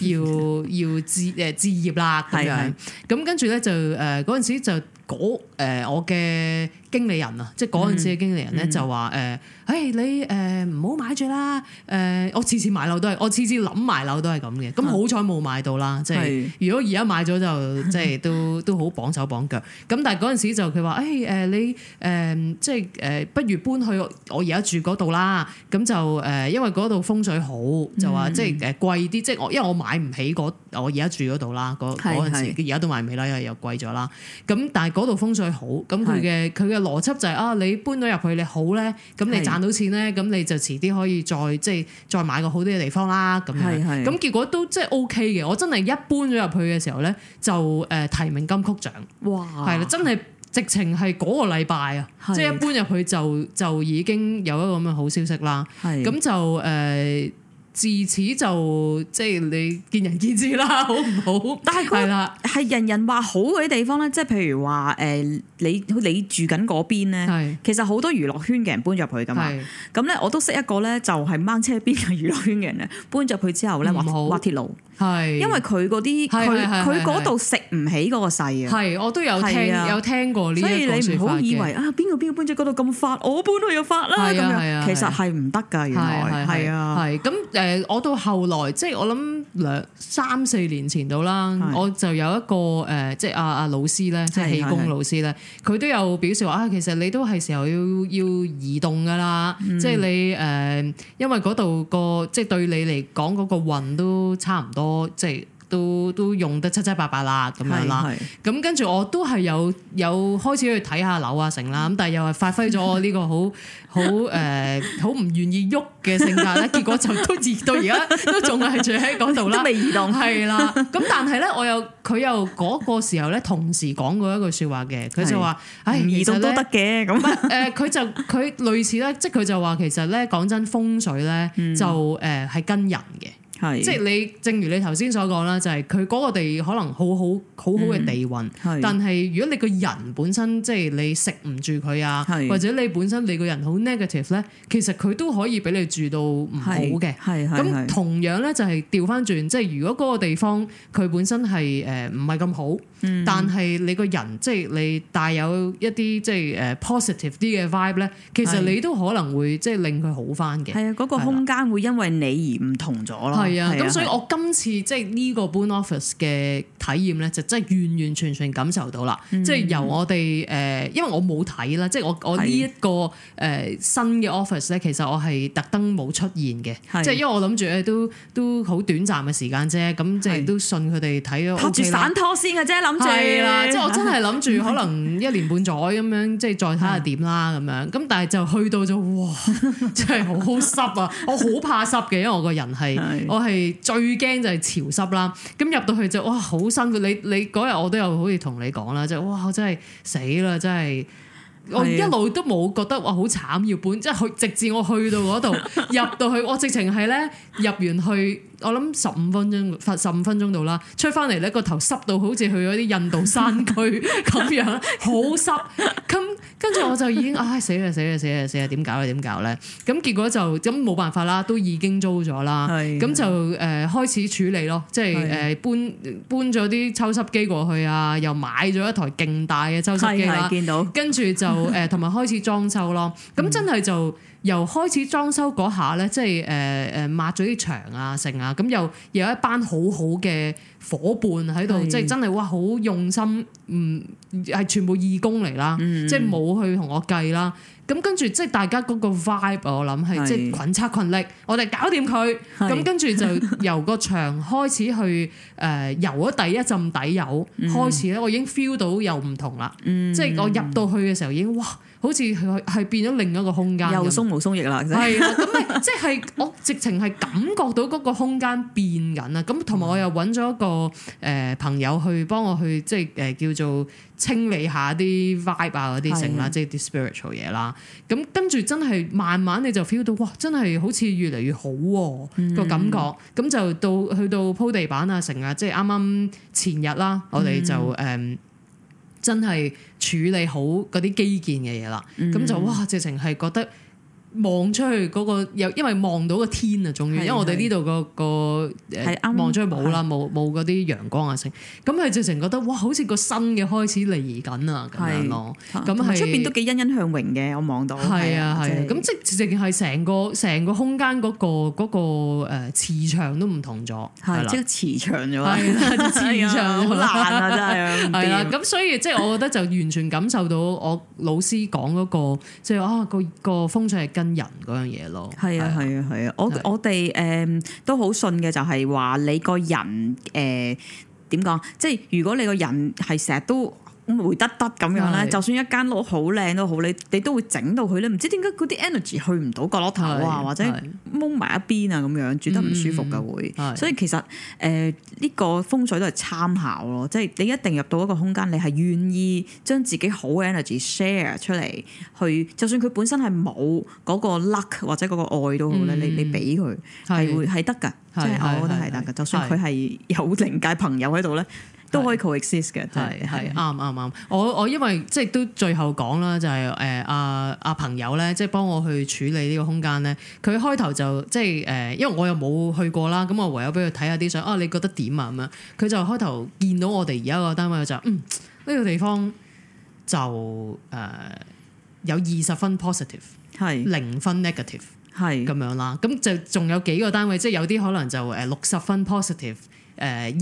要 要置誒置業啦咁樣。咁跟住咧就誒嗰陣時就嗰。呃呃呃呃呃誒我嘅經理人啊，即係嗰陣時嘅經理人咧就話誒，誒、嗯嗯欸、你誒唔好買住啦，誒、呃、我次次買樓都係，我次次諗買樓都係咁嘅，咁、啊、好彩冇買到啦，即係是如果而家買咗就即係都都好綁手綁腳，咁但係嗰陣時就佢話誒誒你誒、呃、即係誒、呃、不如搬去我而家住嗰度啦，咁就誒、呃、因為嗰度風水好，就話即係誒貴啲，即係我因為我買唔起我而家住嗰度啦，嗰嗰陣時而家都買唔起啦，因為又貴咗啦，咁但係嗰度風水。好，咁佢嘅佢嘅邏輯就係、是、啊，你搬咗入去你好咧，咁你賺到錢咧，咁是的 你就遲啲可以再即係再買個好啲嘅地方啦。咁，咁是的 結果都即係 O K 嘅。我真係一搬咗入去嘅時候咧，就誒、呃、提名金曲獎，係啦嘩，真係直情係嗰個禮拜啊，即係是的 一搬入去就就已經有一個咁嘅好消息啦。咁是的 就誒。呃自此就即係你見仁見智啦，好唔好？但係佢係人人話好嗰啲地方咧，即係譬如話誒，你你住緊嗰邊咧，其實好多娛樂圈嘅人搬入去㗎嘛。咁咧我都識一個咧，就係掹車邊嘅娛樂圈嘅人咧，搬入去之後咧，滑滑鐵盧，因為佢嗰啲佢佢嗰度食唔起嗰個勢啊。係我都有聽有聽過呢啲講説話嘅。所以你唔好以為啊，邊個邊個搬咗嗰度咁發，我搬去又發啦咁樣。其實係唔得㗎，原來係啊。係咁。誒，我到後來，即係我諗兩三四年前到啦，是的 我就有一個誒、呃，即係阿阿老師咧，即係氣功老師咧，佢的都有表示話啊，其實你都係時候要要移動㗎喇，嗯、即係你誒、呃，因為嗰度個即係對你嚟講嗰個運都差唔多，即係。都都用得七七八八啦，咁樣啦，咁是是 跟住我都係有有開始去睇下樓啊，成啦，咁但係又係發揮咗我呢個好好誒好唔願意喐嘅性格咧，結果就都至到而家都仲係住喺嗰度啦，未移動係啦。咁但係咧，我又佢又嗰個時候咧，同時講過一句說話嘅，佢就話：就是 唉，移動都得嘅。咁誒，佢這樣、呃、就佢類似咧，即係佢就話其實咧，講真風水咧，就誒、是、係跟人嘅。嗯是即係你，正如你頭先所講啦，就係佢嗰個地可能好好好好嘅地運，嗯、但係如果你個人本身即係、就是、你食唔住佢啊，是或者你本身你個人好 negative 咧，其實佢都可以俾你住到唔好嘅。咁同樣咧就係調翻轉，即係如果嗰個地方佢本身係誒唔係咁好。但係你個人即係、就是、你帶有一啲即係誒 positive 啲嘅 vibe 咧，其實你都可能會即係令佢好返嘅。係啊，嗰、那個空間會因為你而唔同咗咯。係啊，咁所以我今次即係呢個搬 office 嘅體驗咧，就真係完完全全感受到啦。即係、啊、由我哋誒、呃，因為我冇睇啦，即、就、係、是、我、啊、我呢一個誒新嘅 office 咧，其實我係特登冇出現嘅。即係、啊、因為我諗住、呃、都都好短暫嘅時間啫，咁即係都信佢哋睇咗。拍住散拖，拖先嘅啫。係啦，啊嗯、即係我真係諗住可能一年半載咁樣，即係 再睇下點啦咁樣。咁但係就去到咗，哇！真係好濕啊！ 我好怕濕嘅，因為我個人係 我係最驚就係潮濕啦。咁入到去就哇，好辛苦！你你嗰日我都有好似同你講啦，就哇！我真係死啦！真係我一路都冇覺得哇，好慘要搬，即係去直至我去到嗰度入到去，我直情係咧入完去。我諗十五分鐘，十五分鐘到啦，出翻嚟咧個頭濕到好似去咗啲印度山區咁 樣，好濕。咁跟住我就已經唉、哎、死啦死啦死啦死啦，點搞咧點搞咧？咁結果就咁冇辦法啦，都已經租咗啦。係咁的就誒、呃、開始處理咯，即係誒的搬搬咗啲抽濕機過去啊，又買咗一台勁大嘅抽濕機啦。見到跟住就誒同埋開始裝修咯。咁 真係就。由開始裝修嗰下呢，即係誒誒抹咗啲牆啊、剩啊，咁又有一班好好嘅。伙伴喺度，即係真係哇，好用心，嗯，係全部義工嚟啦，即係冇去同我計啦。咁跟住，即係大家嗰個 vibe，我諗係是即係群策群力，我哋搞掂佢。咁是跟住就由個牆開始去誒遊咗第一浸底油開始咧，我已經 feel 到又唔同啦。嗯、即係我入到去嘅時候已經哇，好似係係變咗另一個空間。又鬆毛鬆翼啦，係啦，咁咪 即係我直情係感覺到嗰個空間變緊啊！咁同埋我又揾咗一個。個誒朋友去幫我去即係誒叫做清理下啲 vibe 啊嗰啲成啦，即係啲 spiritual 嘢啦。咁跟住真係慢慢你就 feel 到哇，真係好似越嚟越好，啊嗯、個感覺。咁就到去到鋪地板啊成啊，即係啱啱前日啦，我哋就誒真係處理好嗰啲基建嘅嘢啦。咁、嗯、就哇直情係覺得。望出去嗰個又因為望到個天啊，終於，因為我哋呢度個個誒望出去冇啦，冇冇嗰啲陽光啊，剩咁佢直情覺得哇，好似個新嘅開始嚟緊啊咁樣咯。咁係出邊都幾欣欣向榮嘅，我望到係啊係。咁即係淨係成個成個空間嗰個嗰個誒磁場都唔同咗，即係磁場咗，係磁場爛啊真係。係啦，咁所以即係我覺得就完全感受到我老師講嗰個，即係啊個個風水係跟。人嗰樣嘢咯，係啊係啊係啊，我我哋誒都好信嘅，就係話你個人誒點講，即係如果你個人係成日都。會得得咁樣咧，德德是就算一間屋好靚都好，你你都會整到佢咧。唔知點解嗰啲 energy 去唔到角落頭啊，是或者踎埋一邊啊咁樣，住得唔舒服㗎會。是所以其實誒呢、呃這個風水都係參考咯，即、就、係、是、你一定入到一個空間，你係願意將自己好 energy share 出嚟，去就算佢本身係冇嗰個 luck 或者嗰個愛都好咧，是你你俾佢係會係得㗎。即係我覺得係得㗎，就算佢係有靈界朋友喺度咧。是都可以 coexist 嘅，真係係啱啱啱。我我因為即係都最後講啦，就係誒阿阿朋友咧，即係幫我去處理呢個空間咧。佢開頭就即係誒，因為我又冇去過啦，咁我唯有俾佢睇下啲相啊，你覺得點啊？咁樣佢就開頭見到我哋而家個單位就嗯呢、這個地方就誒、呃、有二十分 positive，係零分 negative，係咁是樣啦。咁、嗯、是就仲有幾個單位，即係有啲可能就誒六十分 positive。誒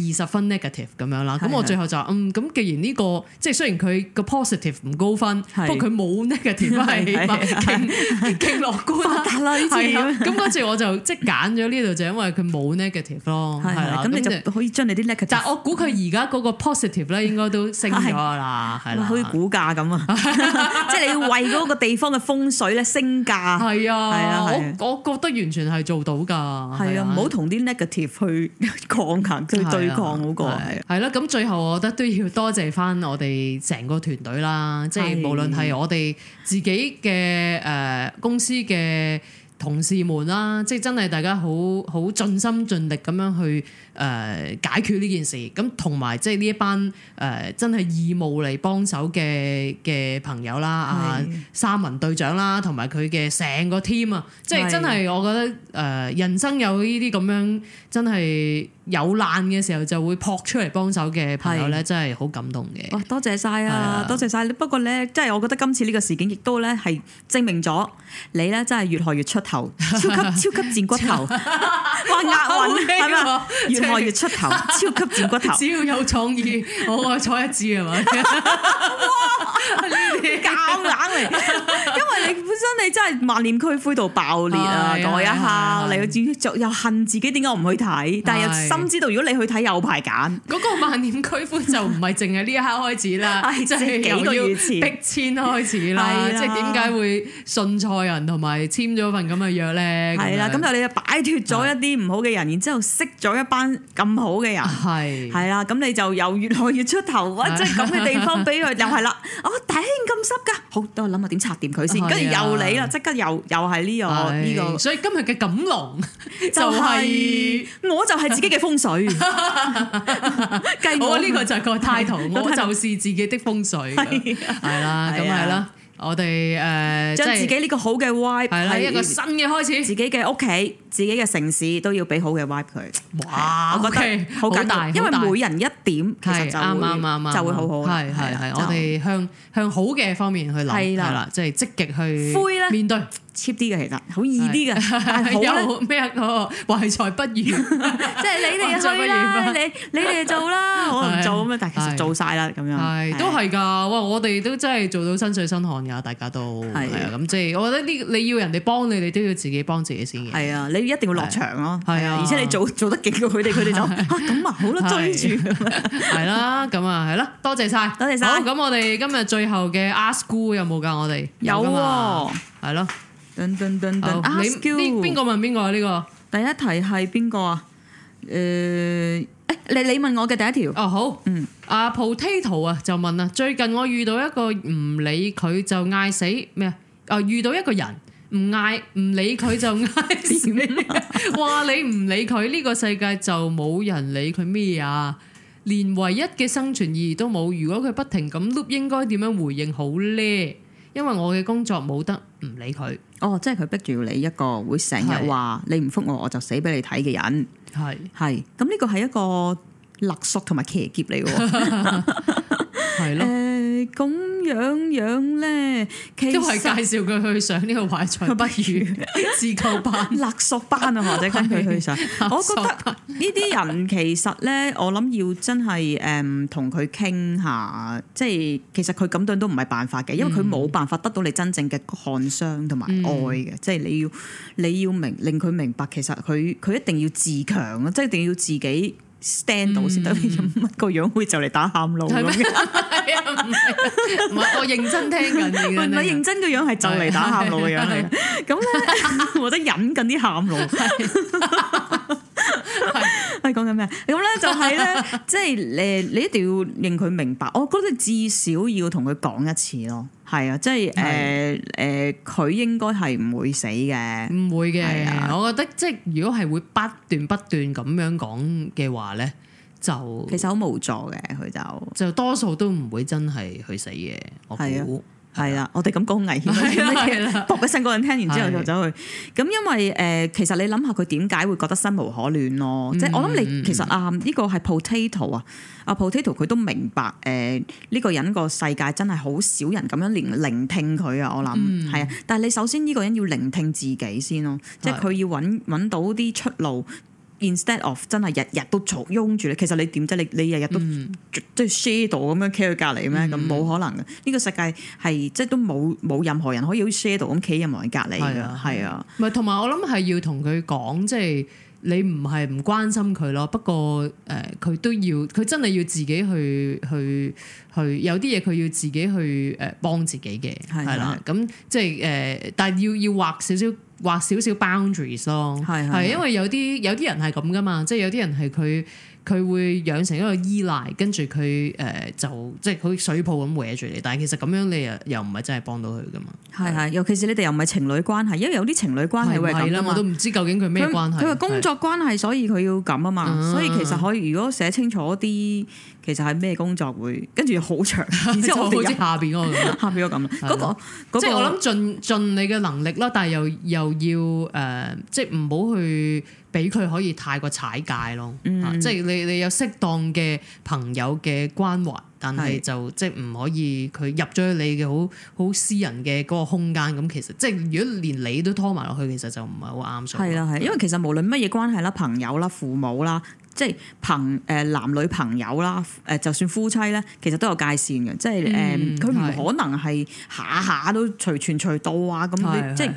二十分 negative 咁樣啦，咁我最後就話嗯，咁既然呢個即係雖然佢個 positive 唔高分，不過佢冇 negative 係勁勁樂觀啦，係咁，跟住我就即係揀咗呢度，就因為佢冇 negative 咯，係啦，咁你就可以將你啲 negative，但係我估佢而家嗰個 positive 咧應該都升咗啦，係啦，好似股價咁啊，即係你要為嗰個地方嘅風水咧升價，係啊，我我覺得完全係做到㗎，係啊，唔好同啲 negative 去抗衡。即係對抗嗰個係係啦，咁、啊啊、最後我覺得都要多謝翻我哋成個團隊啦，啊、即係無論係我哋自己嘅誒、呃、公司嘅同事們啦，即係真係大家好好盡心盡力咁樣去誒、呃、解決呢件事。咁同埋即係呢一班誒、呃、真係義務嚟幫手嘅嘅朋友啦，阿、啊啊、三文隊長啦，同埋佢嘅成個 team 啊，即係真係我覺得誒、呃、人生有呢啲咁樣真係～有難嘅時候就會撲出嚟幫手嘅朋友咧，的真係好感動嘅。哇！多謝晒啊，的多謝晒！不過咧，即係我覺得今次呢個事件亦都咧係證明咗你咧，真係越學越出頭，超級超級賤骨頭，哇！押韻係嘛？越學越出頭，超級賤骨頭。只要有創意，我啊坐一支係嘛？哇！咁硬嚟～本身你真係萬念俱灰到爆裂啊！嗰一刻，你又自又恨自己點解我唔去睇？但係又深知道，如果你去睇有排揀嗰個萬念俱灰，就唔係淨係呢一刻開始啦，係幾個月前逼遷開始啦。即係點解會信錯人同埋簽咗份咁嘅約咧？係啦，咁就你就擺脫咗一啲唔好嘅人，然之後識咗一班咁好嘅人，係係啦，咁你就又越來越出頭即係咁嘅地方俾佢，又係啦。哦，頂咁濕㗎，好等我諗下點拆掂佢先。跟住又嚟喇，即刻又又係呢、這個呢個，所以今日嘅錦囊就係、是，我就係自己嘅風水。計我呢個就係個 title，我就是自己的風水，係啦 我，咁係啦，的我哋誒，將自己呢的、呃、個好嘅 vibe 喺一個新嘅開始，自己嘅屋企。自己嘅城市都要俾好嘅 wipe 佢。哇，我覺得好簡單。因為每人一點其實就啱啱啱就會好好。係係我哋向向好嘅方面去諗，係啦，即係積極去面對 cheap 啲嘅，其實好易啲嘅。有咩喎？懷才不如，即係你哋開啦，你你哋做啦，我唔做咁樣。但其實做晒啦，咁樣都係㗎。哇！我哋都真係做到身水身汗㗎，大家都係啊。咁即係我覺得呢，你要人哋幫你，你都要自己幫自己先嘅。係啊，一定要落場咯，係啊！而且你做做得勁過佢哋，佢哋就啊咁啊，好啦，追住係啦，咁啊，係咯，多謝晒，多謝晒。好，咁我哋今日最後嘅 ASKGOO 有冇噶？我哋有，係咯。你呢邊個問邊個啊？呢個第一題係邊個啊？誒，誒，你你問我嘅第一條。哦，好，嗯。阿 Potato 啊，就問啦，最近我遇到一個唔理佢就嗌死咩啊？哦，遇到一個人。唔嗌唔理佢就嗌，話你唔理佢呢個世界就冇人理佢咩啊？連唯一嘅生存意義都冇。如果佢不停咁 loop，應該點樣回應好呢？因為我嘅工作冇得唔理佢。哦，即係佢逼住你一個會成日話你唔覆我我就死俾你睇嘅人。係係咁，呢個係一個勒索同埋騎劫嚟㗎喎。 係咯，咁樣樣咧，其都係介紹佢去上呢個壞材 不如自救班、 勒索班啊，或者跟佢去上。 索班 我覺得呢啲人其實咧，我諗要真係誒，同佢傾下，即係其實佢咁樣都唔係辦法嘅，因為佢冇辦法得到你真正嘅寒傷同埋愛嘅，嗯、即係你要你要明，令佢明白，其實佢佢一定要自強啊，即係一定要自己。Stand also，、mm hmm. 到先，得是嗎，你佢乜個樣會就嚟打喊露？咁嘅？唔係我認真聽緊你，唔係 認真嘅 樣係就嚟打喊露嘅樣嚟，咁咧或者忍緊啲喊露。 你講緊咩？咁咧就係咧，即係誒，你一定要令佢明白。我覺得至少要同佢講一次咯。係啊，即係誒誒，佢應該係唔會死嘅，唔會嘅。係啊。我覺得即係如果係會不斷不斷咁樣講嘅話咧，就其實好無助嘅。佢就就多數都唔會真係去死嘅。我估。係啦，我哋咁高危險，噚一聲嗰個人聽完之後就走去。咁是的 因為誒、呃，其實你諗下佢點解會覺得生無可戀咯？即係、嗯、我諗你其實啊，呢、呢個係 Potato 啊，啊 Potato 佢都明白誒，呢、呃呢個人個世界真係好少人咁樣聆聆聽佢啊！我諗係啊，但係你首先呢個人要聆聽自己先咯，是的 即係佢要揾揾到啲出路，Instead of 真係日日都嘈擁住你，其實你點啫？你你日日都即係 shadow 咁樣企佢隔離咩？咁冇、mm hmm. 可能嘅。呢、呢個世界係即係都冇冇任何人可以好似 shadow 咁企任何人隔離嘅。係啊，係啊。唔係同埋我諗係要同佢講，即、就、係、是、你唔係唔關心佢咯。不過誒，佢、呃、都要，佢真係要自己去去去。有啲嘢佢要自己去誒幫自己嘅係啦。咁即係誒，但係要要畫少少。劃少少 boundaries 咯的，係係，因為有啲的有啲人係咁噶嘛，即係的有啲人係佢。佢會養成一個依賴，跟住佢誒就即係好似水泡咁圍住你。但係其實咁樣你又又唔係真係幫到佢噶嘛？係係，尤其是你哋又唔係情侶關係，因為有啲情侶關係係啦我都唔知究竟佢咩關係。佢話工作關係，所以佢要咁啊嘛。嗯、所以其實可以如果寫清楚啲，其實係咩工作會跟住好長，然之後好似下邊嗰個 下邊嗰個咁。嗰個即係我諗盡盡你嘅能力啦，但係又又，又要誒、呃，即係唔好去。俾佢可以太過踩界咯，嗯嗯，即係你你有適當嘅朋友嘅關懷，是的 但係就即係唔可以佢入咗你嘅好好私人嘅嗰個空間，咁其實即係如果連你都拖埋落去，其實就唔係好啱數。係啊係，因為其實無論乜嘢關係啦，朋友啦，父母啦。即係朋誒男女朋友啦，誒就算夫妻咧，其實都有界線嘅，即係誒佢唔可能係下下都隨傳隨到啊！咁即係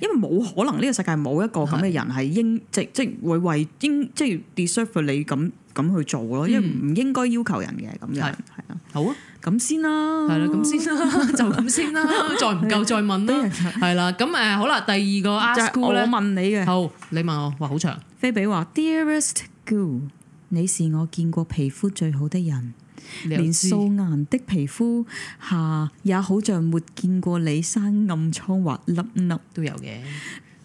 因為冇可能，呢個世界冇一個咁嘅人係應即即會為應即 deserve 你咁咁去做咯，的因為唔應該要求人嘅咁的樣，係啊。好，咁先啦，係啦，咁先啦， 就咁先啦，再唔夠再問啦，係啦的。咁誒的好啦，第二個 ask 我問你嘅，好，你問我話好長，菲比話 dearest。Dear God, 你是我見過皮膚最好的人，連素顏的皮膚下也好像沒見過你生暗瘡或粒粒。都有嘅。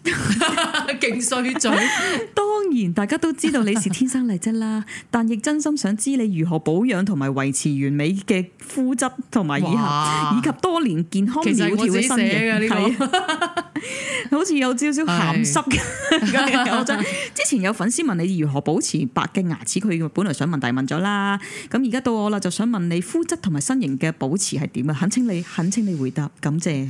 勁衰 嘴， 當然大家都知道你是天生麗質啦， 但亦真心想知你如何保養同埋維持完美嘅膚質同埋以下，哇以及多年健康苗條嘅身形，係 好似有少少鹹濕嘅。是 之前有粉絲問你如何保持白嘅牙齒，佢本來想問大問咗啦，咁而家到我啦，就想問你膚質同埋身形嘅保持係點啊？懇請你懇請你回答，感謝。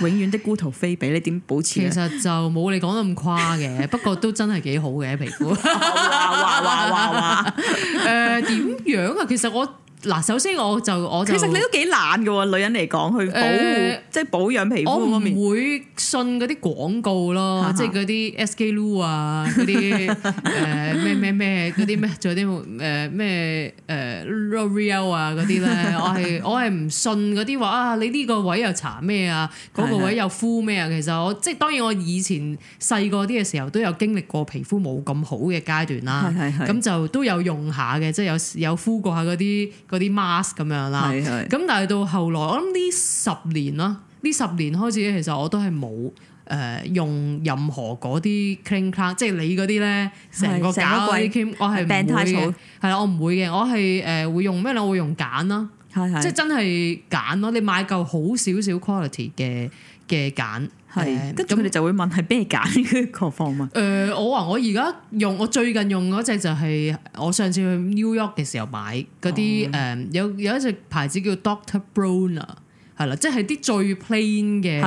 永遠的孤途飛比，你點保持？其實就冇你講得咁誇嘅， 不過都真係幾好嘅皮膚，哇哇哇哇！誒點樣啊？其實我。嗱，首先我就我就其實你都幾懶嘅喎，女人嚟講去保護、呃、即係保養皮膚方面，我唔會信嗰啲廣告咯，哈哈即係嗰啲 SK-II 啊，嗰啲誒咩咩咩嗰啲咩，仲、 呃、有啲誒咩誒 l o r a l 啊嗰啲咧，我係我係唔信嗰啲話啊，你呢個位又搽咩啊，嗰、那個位又敷咩啊，其實我即係當然我以前細個啲嘅時候都有經歷過皮膚冇咁好嘅階段啦，咁 就都有用下嘅，即係有有敷過下嗰啲。嗰啲 mask 咁樣啦，咁是但係到後來，我諗呢十年啦，呢十年開始，其實我都係冇誒用任何嗰啲 clean card，l 即係你嗰啲咧，成個搞嗰 kim，我係唔會係啦，我唔會嘅，我係誒、呃、會用咩咧？我會用鹼啦，即係是真係鹼咯。你買嚿好少少 quality 嘅嘅鹼，係，咁佢哋就會問係邊個揀個方問。誒、呃，我話、啊、我而家用，我最近用嗰隻就係、是、我上次去 New York 嘅時候買嗰啲誒，有有一隻牌子叫 Doctor Bronner's。係啦，即係啲最 plain 嘅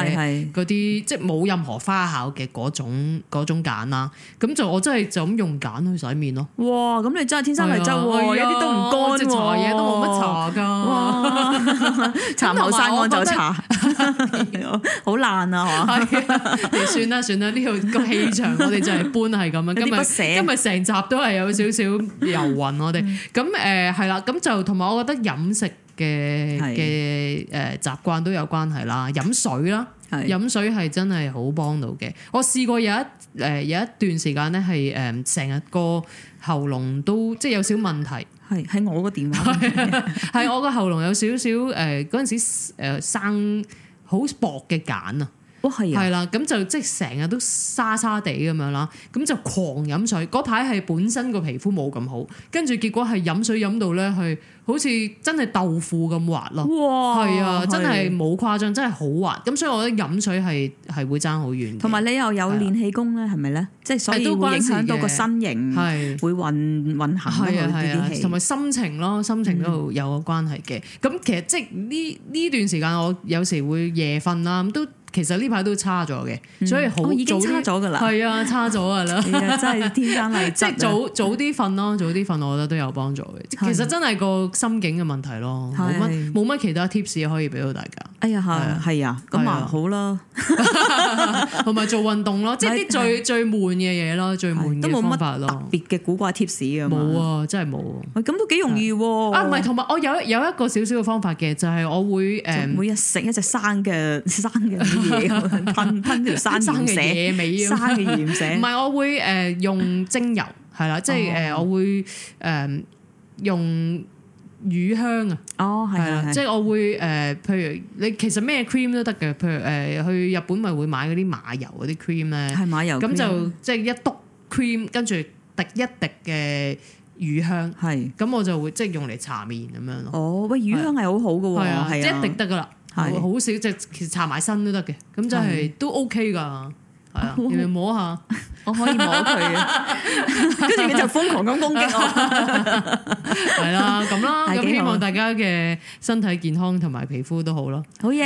嗰啲，即係冇任何花巧嘅嗰種嗰種鹼啦。咁就我真係就咁用鹼去洗面咯。哇！咁你真係天生麗質喎，一啲都唔乾喎，搽嘢都冇乜搽噶。搽頭晒乾就搽，好爛啊！算啦算啦，呢度個氣場我哋就係搬係咁樣。今日今日成集都係有少少遊魂我哋。咁誒係啦，咁就同埋我覺得飲食。嘅嘅誒習慣都有關係啦，飲水啦，飲水係真係好幫到嘅。我試過有一誒有一段時間咧係誒成日個喉嚨都即係有少少問題，係喺我個電話，係我個喉嚨有少少誒嗰陣時誒生好薄嘅繭啊。係啦，咁就即係成日都沙沙地咁樣啦，咁就狂飲水。嗰排係本身個皮膚冇咁好，跟住結果係飲水飲到咧，係好似真係豆腐咁滑咯。哇！係啊，真係冇誇張，真係好滑。咁所以我覺得飲水係係會爭好遠。同埋你又有練氣功咧，係咪咧？即係都影響到個身形，係會運運行咗去呢啲氣，同埋心情咯，心情都有個關係嘅。咁其實即係呢呢段時間，我有時會夜瞓啦，咁都。其實呢排都差咗嘅，所以好已經差咗噶啦，係啊，差咗噶啦，真係天生麗質。即係早早啲瞓咯，早啲瞓我覺得都有幫助嘅。其實真係個心境嘅問題咯，冇乜冇乜其他 tips 可以俾到大家。哎呀，係啊，咁啊好啦，同埋做運動咯，即係啲最最悶嘅嘢咯，最悶都冇乜法咯，特別嘅古怪 tips 啊，冇啊，真係冇。咁都幾容易喎。啊，唔係，同埋我有有一個少少嘅方法嘅，就係我會誒每日食一隻生嘅生嘅。噴噴條山嘅野味，嘅鹽水。唔係，我會誒用精油，係啦，即係誒我會誒用乳香啊。哦，係啦，即係我會誒，譬如你其實咩 cream 都得㗎，譬如誒去日本咪會買嗰啲馬油嗰啲 cream 咧，咁就即係一督 cream，跟住滴一滴嘅乳香，咁我就會即係用嚟搽面咁樣咯。哦，喂，乳香係好好㗎喎，係即係一定得噶啦。哦、好少隻，其實搽埋身都得嘅，咁就係都 OK 㗎，係啊的，原來 摸下。我可以摸佢啊！跟住你就瘋狂咁攻擊我，係啦咁啦咁，希望大家嘅身體健康同埋皮膚都好咯。好嘢，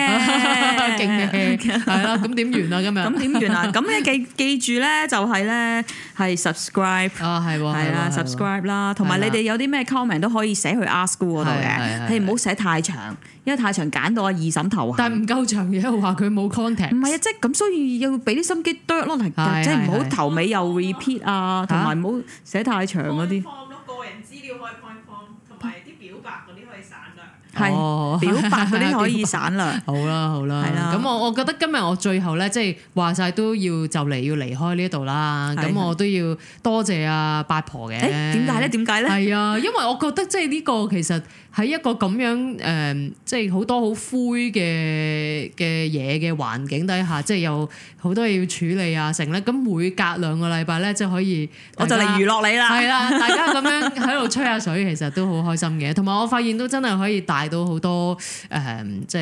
勁嘅！咁點完啊咁樣？咁點完啊？咁咧記記住咧，就係咧係 subscribe 啊，係喎，係啦，subscribe 啦，同埋你哋有啲咩 comment 都可以寫去 askgoo 嗰度嘅，你唔好寫太長，因為太長揀到阿二審頭。但係唔夠長嘅話，佢冇 contact。唔係啊，即係咁，所以要俾啲心機多咯，即係唔好投。尾又 repeat 啊，同埋唔好寫太長嗰啲、啊。point form 咯，個人資料可以 point form，同埋啲表白嗰啲可以散略。係、哦，表白嗰啲可以散略。 好啦好啦，咁我的我覺得今日我最後咧，即係話晒都要就嚟要離開呢度啦。咁的我都要多謝阿八婆嘅。點解咧？點解咧？係啊，因為我覺得即係呢個其實。喺一個咁樣誒、呃，即係好多好灰嘅嘅嘢嘅環境底下，即係有好多嘢要處理啊，成咧咁每隔兩個禮拜咧，即係可以，我就嚟娛樂你啦了，係啦，大家咁樣喺度吹下水，其實都好開心嘅。同埋我發現都真係可以帶到好多誒、呃，即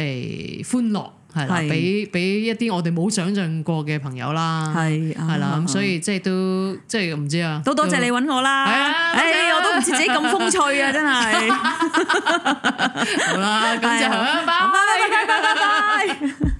係歡樂。係啦，俾俾、啊、一啲我哋冇想象過嘅朋友啦，係啦，咁所以即係都即係唔知啊。都多謝，謝你揾我啦，多、啊、謝，謝、啊欸、我都唔知自己咁風趣啊，真係。 好啦，咁就拜拜拜拜拜拜。